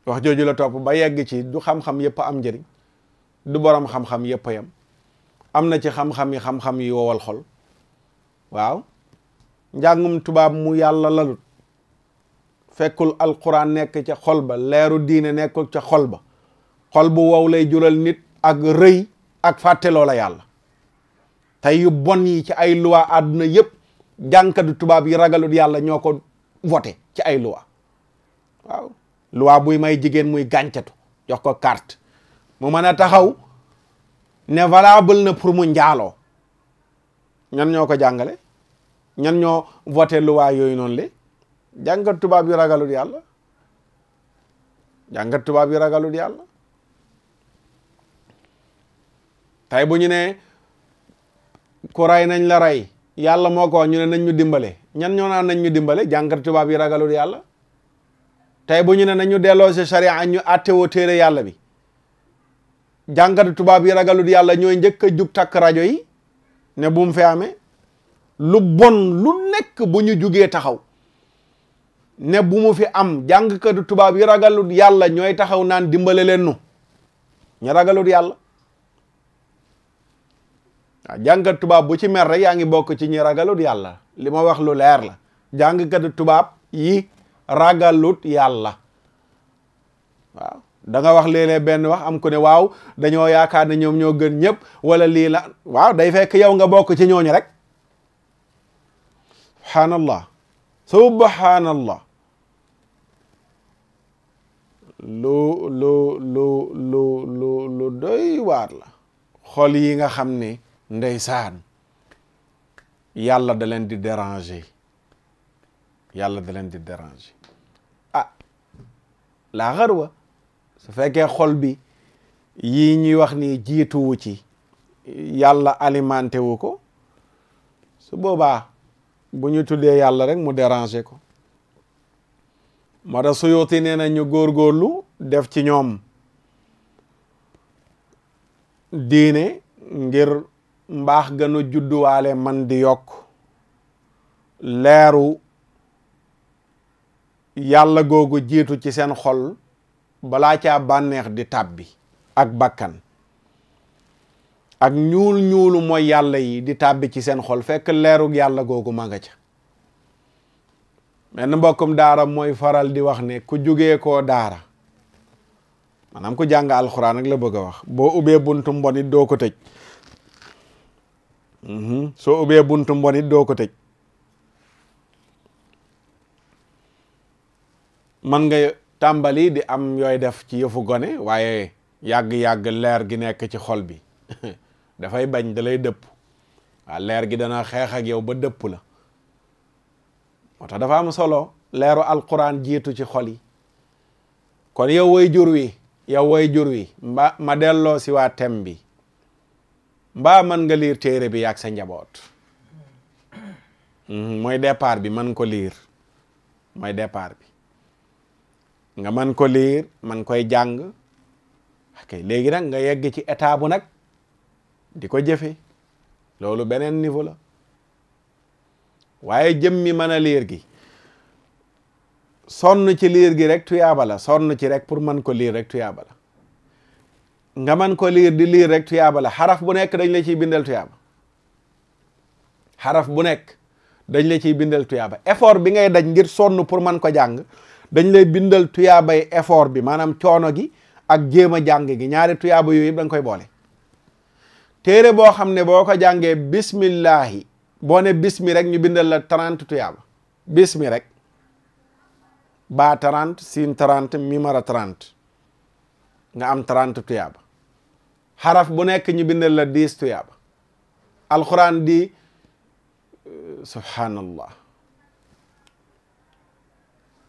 wax jooju la topp ba yegg ci du xam-xam yëpp am njëriñ du borom xam-xam yëpp yam am na ci xam-xam yi xam-xam yi xol waaw njàngum tubaab mu yàlla lalut fekkul alquran nekk ca xol ba leeru diine nekkul ca xol ba xol bu wow lay jural nit ak rëy ak fàtteloo la yàlla tey yu bon yi ci ay loi àdduna yépp jànkadu tubaab yi ragalut yàlla ñoo ko voté ci ay loi waaw buy may jigéen muy gàncatu jox ko kart mu mën taxaw ne valable na pour mu njaaloo ñan ñoo ko jàngale ñan ñoo voté loi yooyu noonu le jànkat tubaab yu ragalut yàlla jànkat tubaab yi ragalut yàlla tey bu ñu ne ku ray nañ la ray yàlla moo ko ñu ne nañ ñu dimbale ñan ñoo naan nañ ñu dimbale jànkat tubaab yi ragalul yàlla tey bu ñu ne nañu delloose si charia ñu attewoo téere yàlla bi jànkat tubaab yi ragalul yàlla ñooy njëkk a jug takk rajo yi ne bu mu fi amee lu bon lu nekk bu ñu jugee taxaw ne bumu fi am jàngkatu tubaab yi ragalul yàlla ñooy taxaw naan dimbale leen nu ñu ragalul yàlla waaw jàngat tubaab bu ci mer rek yaa ngi bokk ci ñi ragalut yàlla li ma wax lu leer la jàngkat tubaab yi ragalut yàlla danga wax léeg-léeg benn wax am ku ne waaw dañoo yaakaar ne ñoom ñoo gën ñëpp wala lii la waaw day fekk yow nga bokk ci ñooñu rek subhaanallah subhaanallah lu lu lu lu lu lu doy waar la xol yi nga xam ne ndeysaan yàlla da leen di derange yàlla da leen di derange ah laa xarwa su fekkee xol bi yii ñuy wax ni jiituwu ci yàlla alimenté wu ko su boobaa bu ñu tuddee yàlla rek mu déranger ko moo tax suyooti nee na ñu góorgóorlu def ci ñoom diine ngir mbaax gënu judduwaale man di yokk leeru yàlla googu jiitu ci seen xol balaa caa bànneex di tàbbi ak bakkan ak ñuul ñuulu mooy yàlla yi di tàbbi ci seen xol fekk leeru yàlla googu ma nga ca menn mbokkum daara mooy faral di wax ne ku jugee koo daara maanaam ku jàng alxuraan ak la bëgg a wax boo ubbee buntu mbonit doo ko tëj Mm-hmm. soo ubbee buntu mbon doo ko tëj man nga tàmbali di am yooy def ci yëfu gone waaye yàgg-yàgg leer gi nekk ci xol bi dafay bañ da lay dëpp waaw leer gi dana xeex ak yow ba dëpp la moo dafa am solo leeru alquran jiitu ci xol yi kon yow way jur wi yow way jur wi ma delloo si waa tem bi mbaa mën nga liir téere bi yaag sa njaboot mhm, mooy départ bi mën ko liir mooy départ bi nga mën ko liir mën koy jàng ok léegi nag nga yegg ci état bu nag di ko jëfe loolu beneen niveau la waaye jëm mi mën liir gi sonn ci liir gi rek tuyaaba la sonn ci rek pour mën ko liir rek tuyaaba la nga man ko liir di liir rek tuyaaba la xaraf bu nekk dañ la ciy bindal tuyaaba xaraf bu nekk dañ la ciy bindal tuyaaba effort bi ngay dañ ngir sonn pour man ko jàng dañ lay bindal tuyaabay effort bi maanaam coono gi ak jéem a jàng gi ñaari tuyaaba yooyu yëpp da nga koy boole téere boo xam ne boo ko jàngee bismillahi boo ne bismi ñu bindal la trente tuyaaba bismi rek baa trente nga am trente tuyaaba xaraf bu nekk ñu bindal la dix tuyaaba alxuraan di euh, subhanallah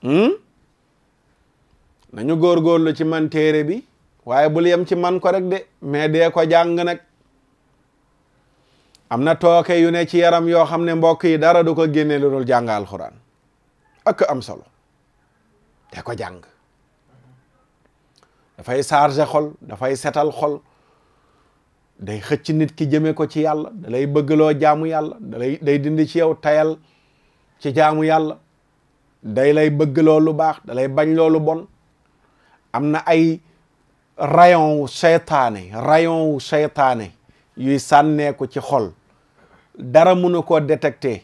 hmm? nañu góorgóorlu ci man téere bi waaye bul yem ci man ko rek de mais dee ko jàng nag am na tooke yu ne ci yaram yoo xam ne mbokk yi dara du ko génne lu dul jàng alxuraan ak am solo dee ko jàng dafay chargé xol dafay setal xol day xëcc nit ki jëme ko ci yàlla da lay bëggloo jaamu yàlla da lay dindi ci yow tayal ci jaamu yàlla day lay bëggloo lu baax da lay bañ loolu bon am na ay rayon wu seytaane rayon wu seytaane yuy sànnee ko ci xol dara mënu koo détecté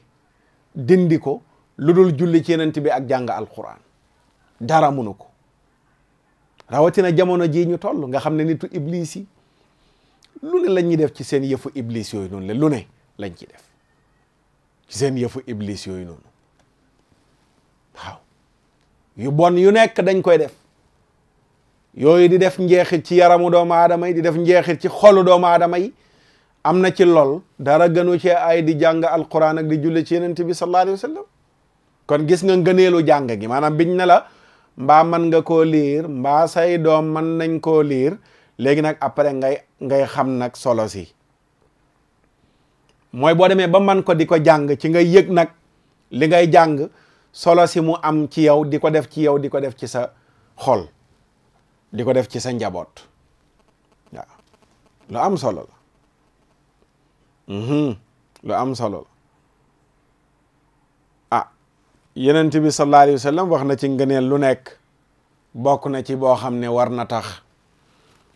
dindi ko lu dul julli ci yenent bi ak jàng alquran dara mënu ko rawatina jamono jii ñu toll nga xam ne nitu iblis yi lu ne lañ ñuy def ci seen yëfu iblis yooyu noonu la lu ne lañ ci def ci seen yëfu iblis yooyu noonu waaw yu bon yu nekk dañ koy def yooyu di def njeexit ci yaramu doomu aadama yi di def njeexit ci xolu doomu aadama yi am na ci lool dara gënu ci ay di jàng alquran ak di julle ci yenent bi sallallahu alayhi kon gis nga ngëneelu jàng gi maanaam biñ na la mbaa mën nga koo liir mbaa say doom mën nañ koo liir léegi nag après ngay ngay xam nag solo si mooy boo demee ba man ko di ko jàng ci ngay yëg nag li ngay jàng solo si mu am ci yow di ko def ci yow di ko def ci sa xol di ko def ci sa njaboot waaw lu am solo la mhm. lu am solo la yenent bi sallallahu alayhi wa wax na ci ngëneel lu nekk bokk na ci boo xam ne war na tax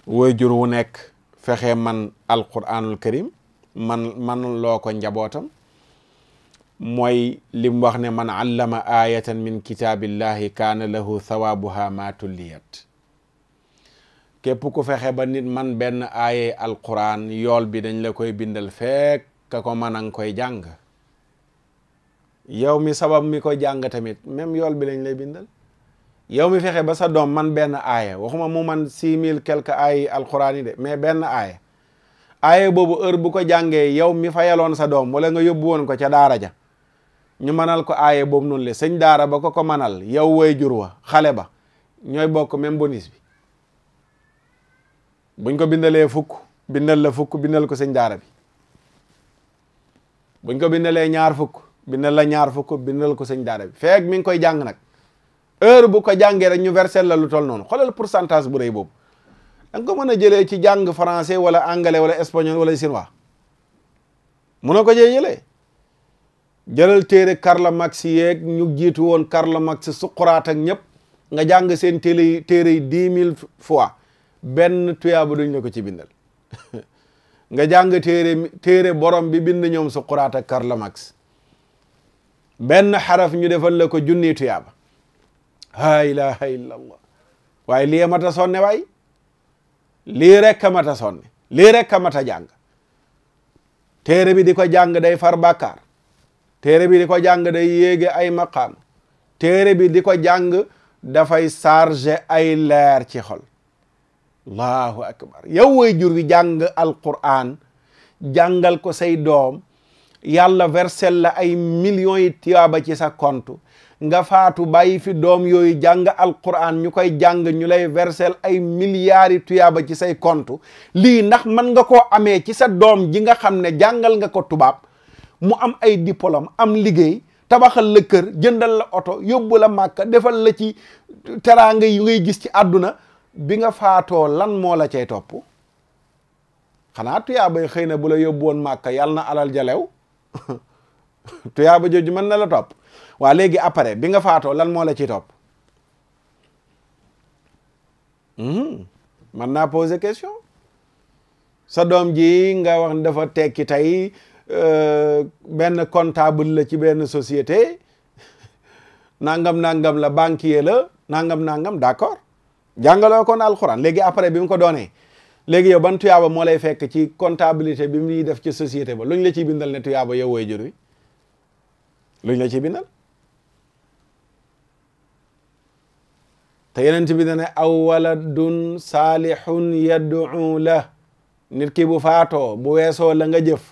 waajur wu nekk fexe man alquranul karim man man loo ko njabootam mooy lim wax ne man allama ayatan min kitaabillahi kaana lahu thawaabuha ma tulliyat képp ku fexe ba nit man benn aayee alquran yool bi dañ la koy bindal fekk ko mën a nga koy jàng yow mi sabab mi ko jàng tamit même yool bi lañ lay bindal yow mi fexe ba sa doom man benn aaya waxuma mu man six mille quelque aay alquran yi de mais benn aaya aaya boobu heure bu ko jàngee yow mi fayaloon sa doom wala nga yóbbu woon ko ca daara ja ñu manal ko aaye boobu noonu le sëñ daara ba ko ko manal yow woy jur wa xale ba ñooy bokk même bonus bi buñ ko bindalee fukk bindal la fukk bindal ko sëñ daara bi buñ ko bindalee ñaar fukk bindal la ñaar fukk bindal ko sëñ daara bi feeg mi ngi koy jàng nag heure bu ko jàngee rek ñu versel la lu toll noonu xoolal pourcentage bu rëy boobu da nga ko mën a jëlee ci jàng français wala anglais wala espagnol wala chinois mun na ko jee jële jëlal téere Karl Marx yeeg ñu jiitu woon Karl Marx Suqraat ak ñëpp nga jàng seen téere téere yi dix mille fois benn tuyaaba duñ la ko ci bindal nga jàng téere téere borom bi bind ñoom Suqraat ak Karl Marx benn xaraf ñu defal la ko junni tuyaaba laa ilaha illa allah waaye lii mata sonne waay lii rekk jàng téere bi di ko jàng day far bàkkaar téere bi di ko jàng day yéege ay maqaam tere bi di ko jàng dafay sarge ay leer ci xol allahu akbar yow jur wi jàng alquran jàngal ko say doom yàlla versel la ay millions yi tiyaaba ci sa compte nga faatu bàyyi fi doom yooyu jàng alquran ñu koy jàng ñu lay versel ay milliards yi tuyaaba ci say compte lii ndax mën nga ko amee ci sa doom ji nga xam ne jàngal nga ko tubaab mu am ay diplôme am liggéey tabaxal la kër jëndal la oto yóbbu la màkka defal la ci teraanga yi ngay gis ci àdduna bi nga faatoo lan moo la cay topp xanaa tuyaabay xëy na bu la yóbbu woon màkka yàlla na alal jalew tuyaaba jooju mën na la topp waa léegi après bi nga faatoo lan moo la ciy topp man hmm, naa poser question sa doom ji nga wax ne dafa tekki tey euh, benn comptable la ci benn société nangam nangam la banquier la nangam nangam d'accord jàngaloo kon alxuraan léegi après bi mu ko doonee léegi yow ban tuyaaba moo fekk ci comptabilité bi muy def ci société ba luñ la ciy bindal ne tuyaaba yow way jur wi luñ la ciy bindal te yenent bi ne aw waladun saalihun yad'u la nit ki bu faatoo bu weesoo la nga jëf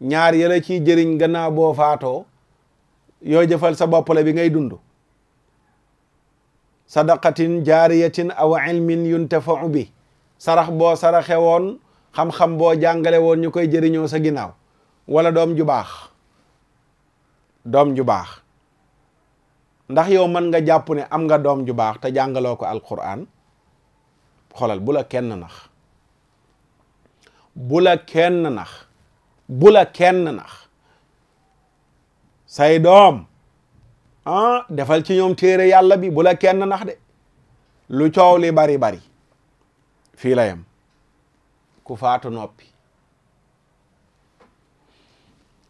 ñaar yala ciy jëriñ gannaaw boo faatoo yoo jëfal sa bopp bi ngay dund sadaqatin jaariyatin aw ilmin yuntafa'u bi sarax boo saraxe woon xam-xam boo jàngale woon ñu koy jëriñoo sa ginnaaw wala doom ju baax doom ju baax ndax yow mën nga jàpp ne am nga doom ju baax te jàngaloo ko alquran xolal bula kenn nax bu la kenn nax kenn nax say doom ah, defal ci ñoom téere yàlla bi bula kenn nax de lu coow li bari bari fii la ku faatu noppi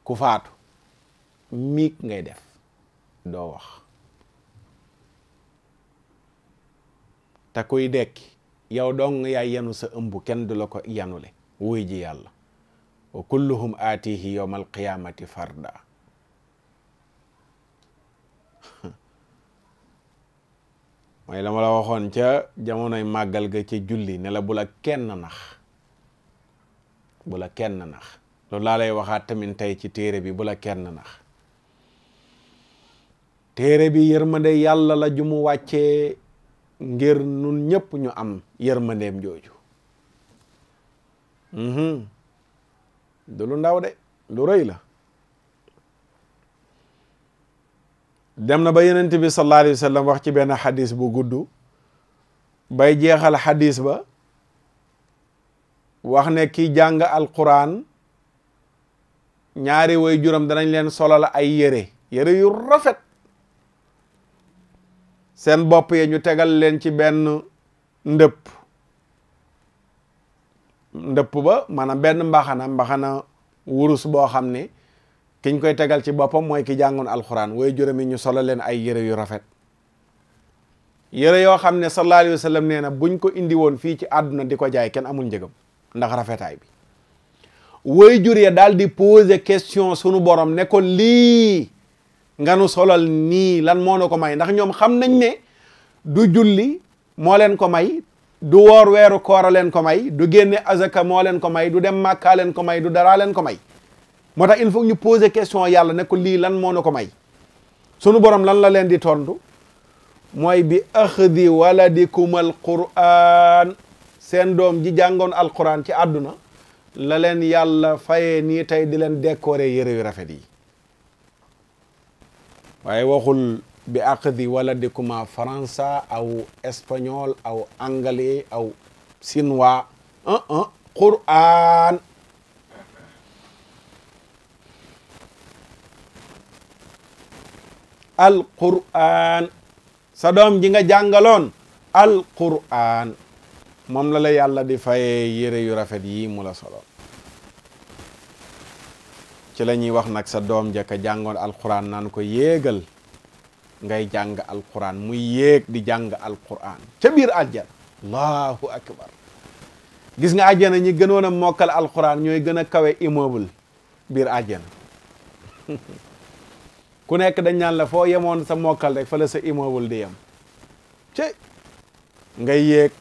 ku faatu miig ngay def doo wax te kuy dekki yow don yaay yanu sa ëmb kenn du la ko yanule wuy ji yàlla wa kulluhum aatihi yawma alqiyamati farda mooy la ma la waxoon ca jamonoy màggal ga ci julli ne la bu la kenn nax bu la kenn nax loolu laa waxaat tamit tey ci téere bi bu la kenn nax téere bi yërmande yàlla la ju mu wàccee ngir nun ñëpp ñu am yërmandeem jooju mhm. du lu ndaw de lu réy la dem na ba yeneen bi sallallahu alayhi wa wax ci benn xadis bu gudd bay jeexal xadis ba wax ne ki jàng alquran ñaari way juram danañ leen solal ay yére yére yu rafet seen bopp yi ñu tegal leen ci benn ndëpp ndëpp ba maanaam benn mbaxana mbaxana wurus boo xam ne kiñ koy tegal ci boppam mooy ki jàngoon alxuraan way mi ñu solo leen ay yére yu rafet yére yoo xam ne sallallahu alayhi wa na buñ ko indi woon fii ci àdduna di ko jaay kenn amul njëgam ndax rafetaay bi way jur ya daal di poser question sunu borom ne ko lii nga nu solal nii lan moo ko may ndax ñoom xam nañ ne du julli moo leen ko may du woor weeru koora leen ko may du génne azaka moo leen ko may du dem màkkaa leen ko may du daraa leen ko may moo tax il faut ñu poser question yàlla ne ko lii lan moo na ko may sunu borom lan la leen di tontu mooy bi axdi waladikum alquran seen doom ji jàngoon alquran ci àdduna la leen yàlla faye nii tey di leen décorer yére yu rafet yi waaye waxul bi aqdi waladikuma faransa aw espagnol aw anglais aw chinois un un alqur'aan sa doom ji nga jàngaloon alqur'aan moom la la yàlla di fayee yére yu rafet yii mu la soloon ci la ñuy wax nag sa doom jaka jàngoon alqur'aan naan ko yéegal ngay jàng alqur'aan mu yéeg di jàng alqur'aan ca biir aljana allahu akbar gis nga àjjana ñi gënoon a mokkal alqur'aan ñooy gën a kawe immeuble biir àjjana ku nekk dañ ñaan la foo yemoon sa mokal rek fa la sa immeuble di yem ci ngay yéeg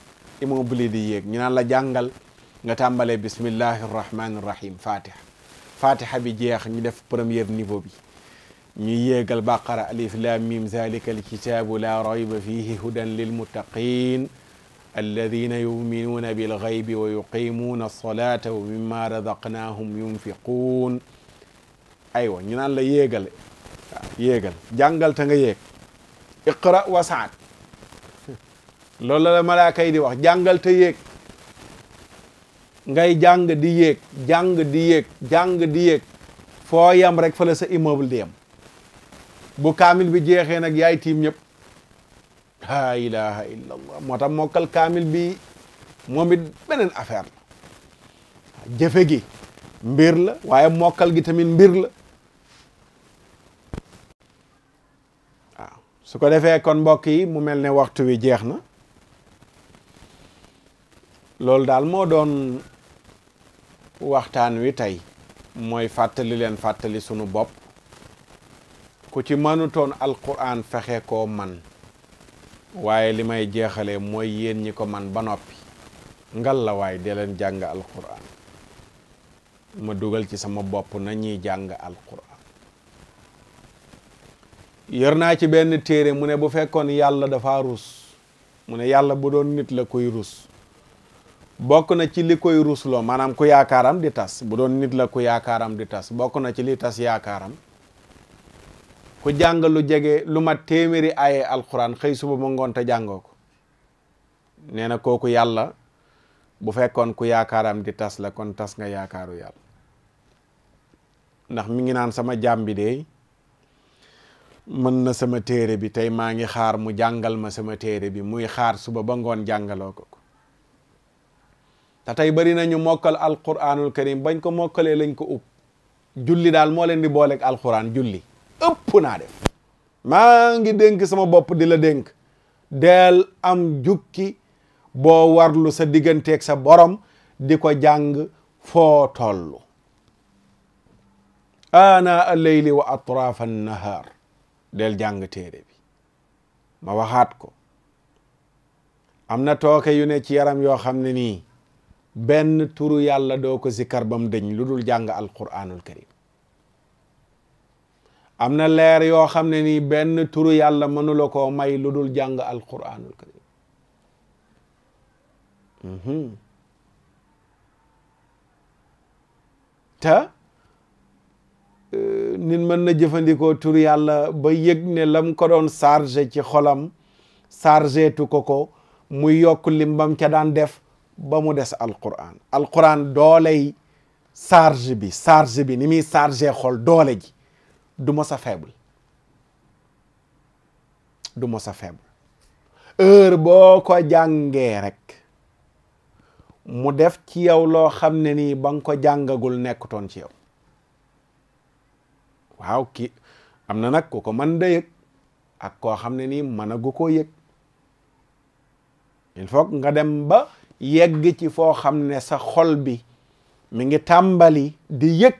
immeuble yi di yéeg ñu naan la jàngal nga tàmbalee bismillahi rahmani rahim fatiha bi jeex ñu def premier niveau bi ñu yéegal baqara alif lam mim zalika alkitabu la rayba fihi hudan lilmuttaqin alladina yuminuuna bilgaybi ñu naan la yéegal yéegal jàngal ta nga yéeg iqra wa saad la malaaka yi di wax jàngal ta yéeg ngay jàng di yéeg jàng di yéeg jàng di yéeg foo yam rek fa la sa immeuble di yam bu kaamil bi jeexee nag yaay tiim ñëpp laa ilaha illa allah moo kaamil bi moom it beneen affaire la jëfe gi mbir la waaye mokkal gi tamit mbir la su ko defee kon mbokk yi mu mel ne waxtu wi jeex na loolu daal moo doon waxtaan wi tey mooy fàttali leen fàttali sunu bopp ku ci mënutoon alquran fexe ko man waaye li may jeexale mooy yéen ñi ko man ba noppi ngal la waay de leen jàng alquran ma dugal ci sama bopp na ñuy jàng alquran yor naa ci benn téere mu ne bu fekkoon yàlla dafa ruus mu ne yàlla bu doon nit la koy ruus bokk na ci li koy rusloo maanaam ku yaakaaram di tas bu doon nit la ku yaakaaram di tas bokk na ci li tas yaakaaram ku jàng lu jege lu mat téeméeri aaye alxuraan xëy suba ba ngoon te jàngoo ko nee na kooku yàlla bu fekkoon ku yaakaaram di tas la kon tas nga yaakaaru yàlla ndax mi ngi naan sama jàmbi de mën na sama téere bi tey maa ngi xaar mu jàngal ma sama téere bi muy xaar suba ba ngoon jàngaloo ko ko te tey bari nañu mokkal alquranul karim bañ ko mokkalee lañ ko upp julli daal moo leen di booleek alquran julli ëpp naa def maa ngi sama bopp di la dénk deel am jukki boo warlu sa digganteek sa borom di ko jàng foo tollu ana al leyli wa atrafa an nahar del jàng téere bi ma waxaat ko am na tooke yu ne ci yaram yoo xam ne nii benn turu yàlla doo ko zikar bam dëñ lu dul jàng alquranul karim am na leer yoo xam ne nii benn turu yàlla mënula koo may lu dul jàng alquranul karim mhm. te Euh, nit mën na jëfandikoo tur yàlla ba yëg ne lam ko doon chargé ci xolam chargé tu ko ko muy yokk lim bam ca daan def ba mu des alquran alquran dooley charge bi charge bi ni muy chargé xol doole ji du ma sa faible du ma sa faible boo ko jàngee rek mu def ci yow loo xam ne nii ba nga ko jàngagul nekkutoon ci yow waaw kii am na nag ku ko mën da yëg ak koo xam ne nii mën agu koo yëg il faut nga dem ba yegg ci foo xam ne sa xol bi mi ngi tàmbali di yëg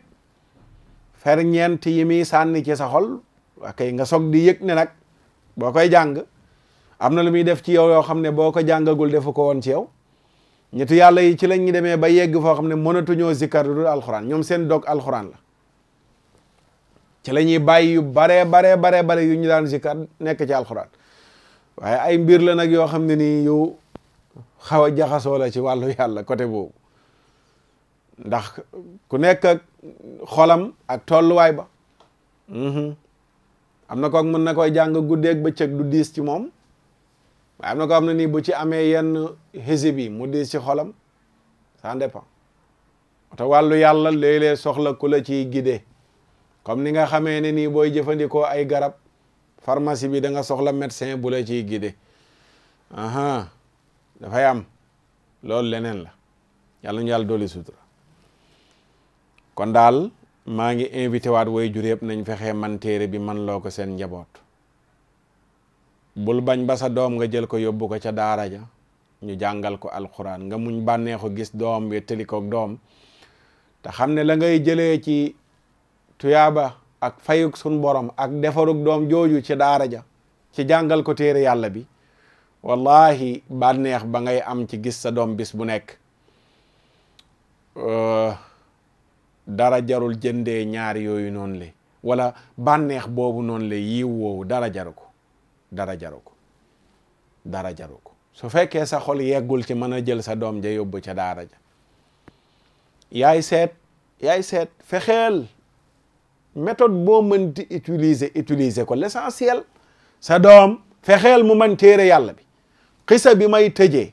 ferñeent yi muy sànni ci sa xol akay nga soog di yëg ne nag boo koy jàng am na lu muy def ci yow yoo xam ne boo ko jàngagul defu ko woon ci yow ñetti yàlla yi ci lañ ñu demee ba yegg foo xam ne mënatuñoo zikkar du alxuraan ñoom seen dog alxuraan la ci la ñuy bàyyi yu baree baree baree bare yu ñu daan zikar nekk ci alxuraan waaye ay mbir la nag yoo xam ne ni yu xaw a jaxasoo la ci wàllu yàlla côté boobu ndax ku nekk ak xolam ak tolluwaay ba mhm. am na kook mën na koy jàng guddeeg bëccëg du diis ci moom am na ko am na nii bu ci amee yenn xisi bi mu diis ci xolam ça dépend te wàllu yàlla léeg-léeg soxla ku la ciy gide comme ni nga xamee ne nii booy jëfandikoo ay garab pharmacie bi da nga soxla médecin bu la ciy guider aha dafay am loolu leneen la yàlla ñu yàlla dooli sutura kon daal maa ngi invité waat way jur yëpp nañ fexee man téere bi man loo ko seen njaboot bul bañ ba sa doom nga jël ko yóbbu ko ca daara ja ñu jàngal ko alxuraan nga muñ bànneexu gis doom bi tëli koog doom te xam ne la ngay jëlee ci tuyaaba ak fayuk sun borom ak defaruk doom jooju ci daara ja ci jàngal ko téere yàlla bi wallahi bànneex ba ngay am ci gis sa doom bis bu nekk euh, dara jarul jëndee ñaar yooyu noonu le wala bànneex boobu noonu le yiw woowu dara jaru ko dara jaru ko dara jaru ko su fekkee sa xol yeggul ci mën a jël sa doom ja yóbbu ca daara ja yaay seet yaay seet fexeel méthode boo mënti utilise utiliser ko l'essentiel sa doom fexeel mu man téere yàlla bi xisa bi may tëjee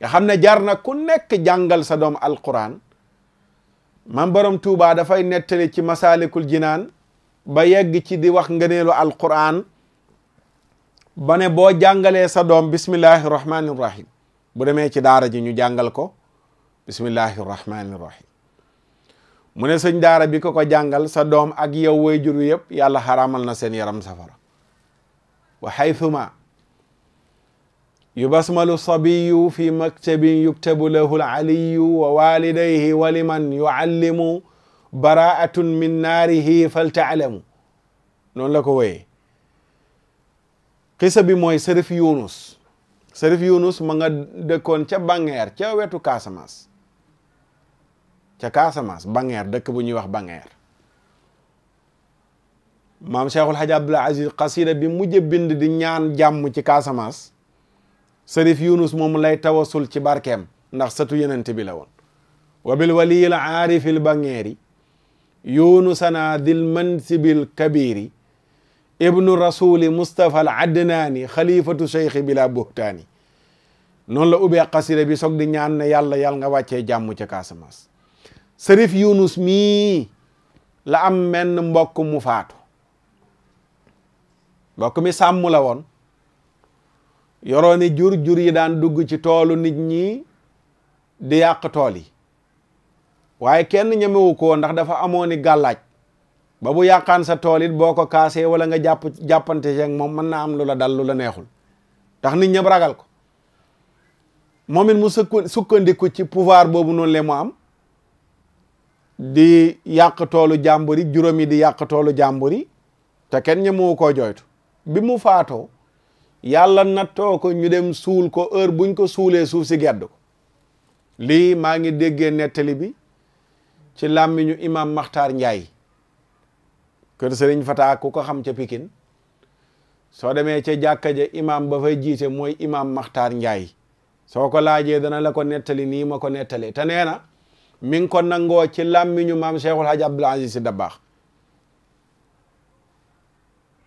nga xam ne jar na ku nekk jàngal sa doom alquran mam borom tuubaa dafay nettali ci masaalikul jinaan ba yegg ci di wax ngëneelu alquran ba ne boo jàngalee sa doom bismillahi rahmaani rahim bu demee ci daara ji ñu jàngal ko bismillahi rahmaani rahim mu ne sëñ daara bi ko ko jàngal sa doom ak yow way jur wi yëpp yàlla na seen yaram safara wa xaythuma yubasmalu sabiyu fi maktabin yuktabu lahu laliyu wa walidayhi wa liman yuallimu baraatun min naarihi faltaalamu noonu la ko wooyee xisa bi mooy sërif yunus sërif yunus ma nga dëkkoon ca bangeer ca wetu ca Casamance Bangeer dëkk bu ñuy wax Bangeer maam Cheikhul Hadj Abdoul Aziz xasida bi mujj bind di ñaan jàmm ci Casamance sërif Yunus moom lay tawasul ci barkeem ndax sëtu yenent bi la woon wa bil waliyil aarifil bangeeri yunusana dil mansibil kabiri ibnu rasuli mustapha al adnaani xalifatu cheikhi bila buhtaani noonu la ubbee xasida bi soog di ñaan ne yàlla yàlla nga wàccee jàmm ca Casamance sërif yunus mii la am menn mbokk mu faatu mbokk mi sàmm la woon yorooni jur jur yi daan dugg ci toolu nit ñi di yàq tool yi waaye kenn ñemewu ko ndax dafa amoon i gàllaaj ba bu yàqaan sa toolit boo ko kaasee wala nga jàpp jàppante ceeg moom mën naa am lu la dal lu la neexul ndax nit ñëpp ragal ko moom min mu sukkandiku ci pouvoir boobu noonu le mu am di yàq toolu jàmbur yi juróom di yàq toolu jàmbur yi te kenn ñemewu koo jooytu bi mu faatoo yàlla nattoo ko ñu dem suul ko heure buñ ko suulee suuf si gedd ko lii maa ngi déggee nettali bi ci làmmiñu imam Makhtar Ndiaye kër Serigne Fata ku ko xam ca pikin soo demee ca jàkka ja imam ba fay jiite mooy imam Makhtar Ndiaye soo ko laajee dana la ko nettali nii ma ko nettalee te nee na mi ngi ko nangoo ci làmmiñu maam Cheikhul Hadj Abdoul Aziz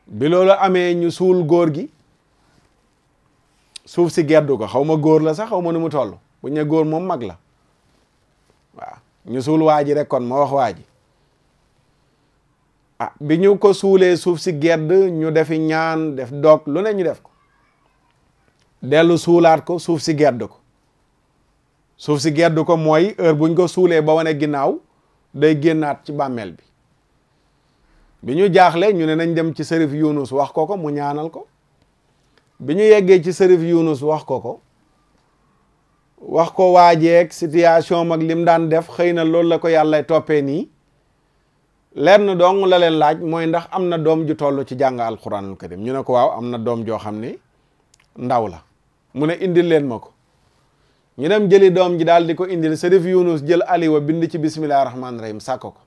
bi loolu amee ñu suul góor gi suuf si geddu ko xaw ma góor la sax xaw ma nu mu toll bu ñu góor moom mag la waaw ñu suul waa ji rek kon ma wax waa ji ah bi ñu ko suulee suuf si gedd ñu defi ñaan def doog lu ne ñu def ko dellu suulaat ko suuf si gedd ko suuf si geddu ko mooy heure buñ ko suulee ba wane ginnaaw day génnaat ci bàmmeel bi bi ñu jaaxle ñu ne nañ dem ci sërif Yunus wax ko ko mu ñaanal ko bi ñu yeggee ci sërif Yunus wax ko ko wax ko waajeeg situation mag lim daan def xëy na loolu la ko yàlla toppee nii lenn dong la leen laaj mooy ndax am na doom ju toll ci jàng alquranul karim ñu ne ko waaw am na doom joo xam ne ndaw la mu ne indil leen ma ko ñu dem jëli doom ji daal ko indil Serif Yunus jël aliwa bind ci bismillahi rahmaani rahim sàkko ko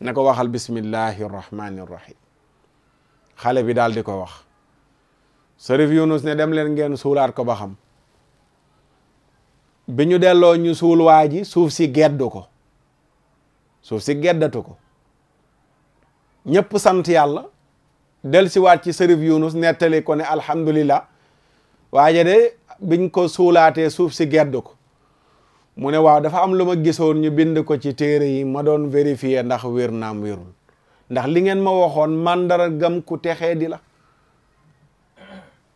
na ko waxal bismillahi rahmaani rahim xale bi daal di ko wax Serif Yunus ne dem leen ngeen suulaat ko ba xam bi ñu delloo ñu suul waa ji suuf si geddu ko suuf si geddatu ko ñëpp sant yàlla del si waat ci Serif Yunus nettali ko ne alhamdulillah waaja de biñ ko suulaatee suuf si gedd ko mu ne waaw dafa am lu ma gisoon ñu bind ko ci téere yi ma doon vérifier ndax wér naam wérul ndax li ngeen ma waxoon mandara gam ku texee di la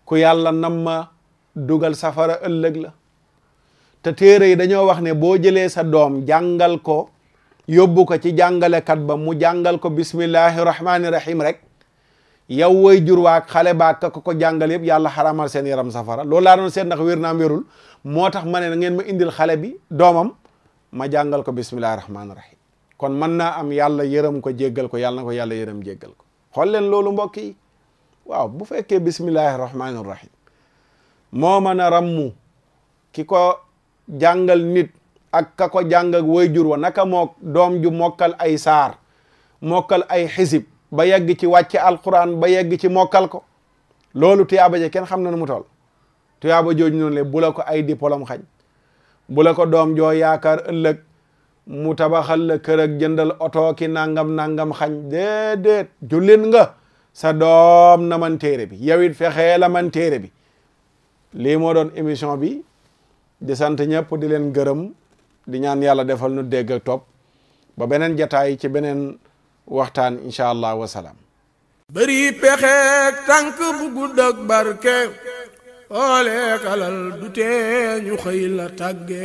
ku yàlla namma dugal safara ëllëg la te téere yi dañoo wax ne boo jëlee sa doom jàngal ko yóbbu ko ci jàngalekat ba mu jàngal ko bismillahi rahmaani rahim rek yow woy jur waak xale baak ka ko jàngal yëpp yàlla xaramal seen yaram safara loolu laa doon seet ndax wér naam wérul moo tax ma ne na ngeen ma indil xale bi doomam ma jàngal ko bismillahi rahmaani rahim kon mën naa am yàlla yërëm ko jéggal ko yàlla na ko yàlla yërëm jéggal ko xool loolu mbokk yi waaw bu fekkee bismillahi rahmaani rahim moo mën a rammu ki ko jàngal nit ak ko jàng woy jur wa naka moo doom ju mokkal ay saar mokkal ay xisib ba yegg ci wàcc alquran ba yegg ci mokkal ko loolu tuyaaba ja kenn xam na nu mu toll tuyaaba jooju noonu le bu ko ay diplôme xañ bu la ko doom joo yaakaar ëllëg mu tabaxal la kër ak jëndal oto ki nangam nangam xañ déedéet jullit nga sa doom na man téere bi yow it fexee la man téere bi lii moo doon émission bi di sant ñëpp di leen gërëm di ñaan yàlla defal nu dégg ak topp ba beneen jataay ci beneen waxtaan incha allah wasalaam bëri pexeek tànk bu gudd ak barke ooleek alal du tee ñu xëy la tàgge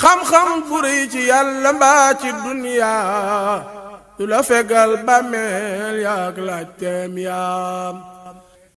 xam-xam bu rëy ci yàlla mbaa ci duniyaa du la fegal bàmmeel yaak laaj yaam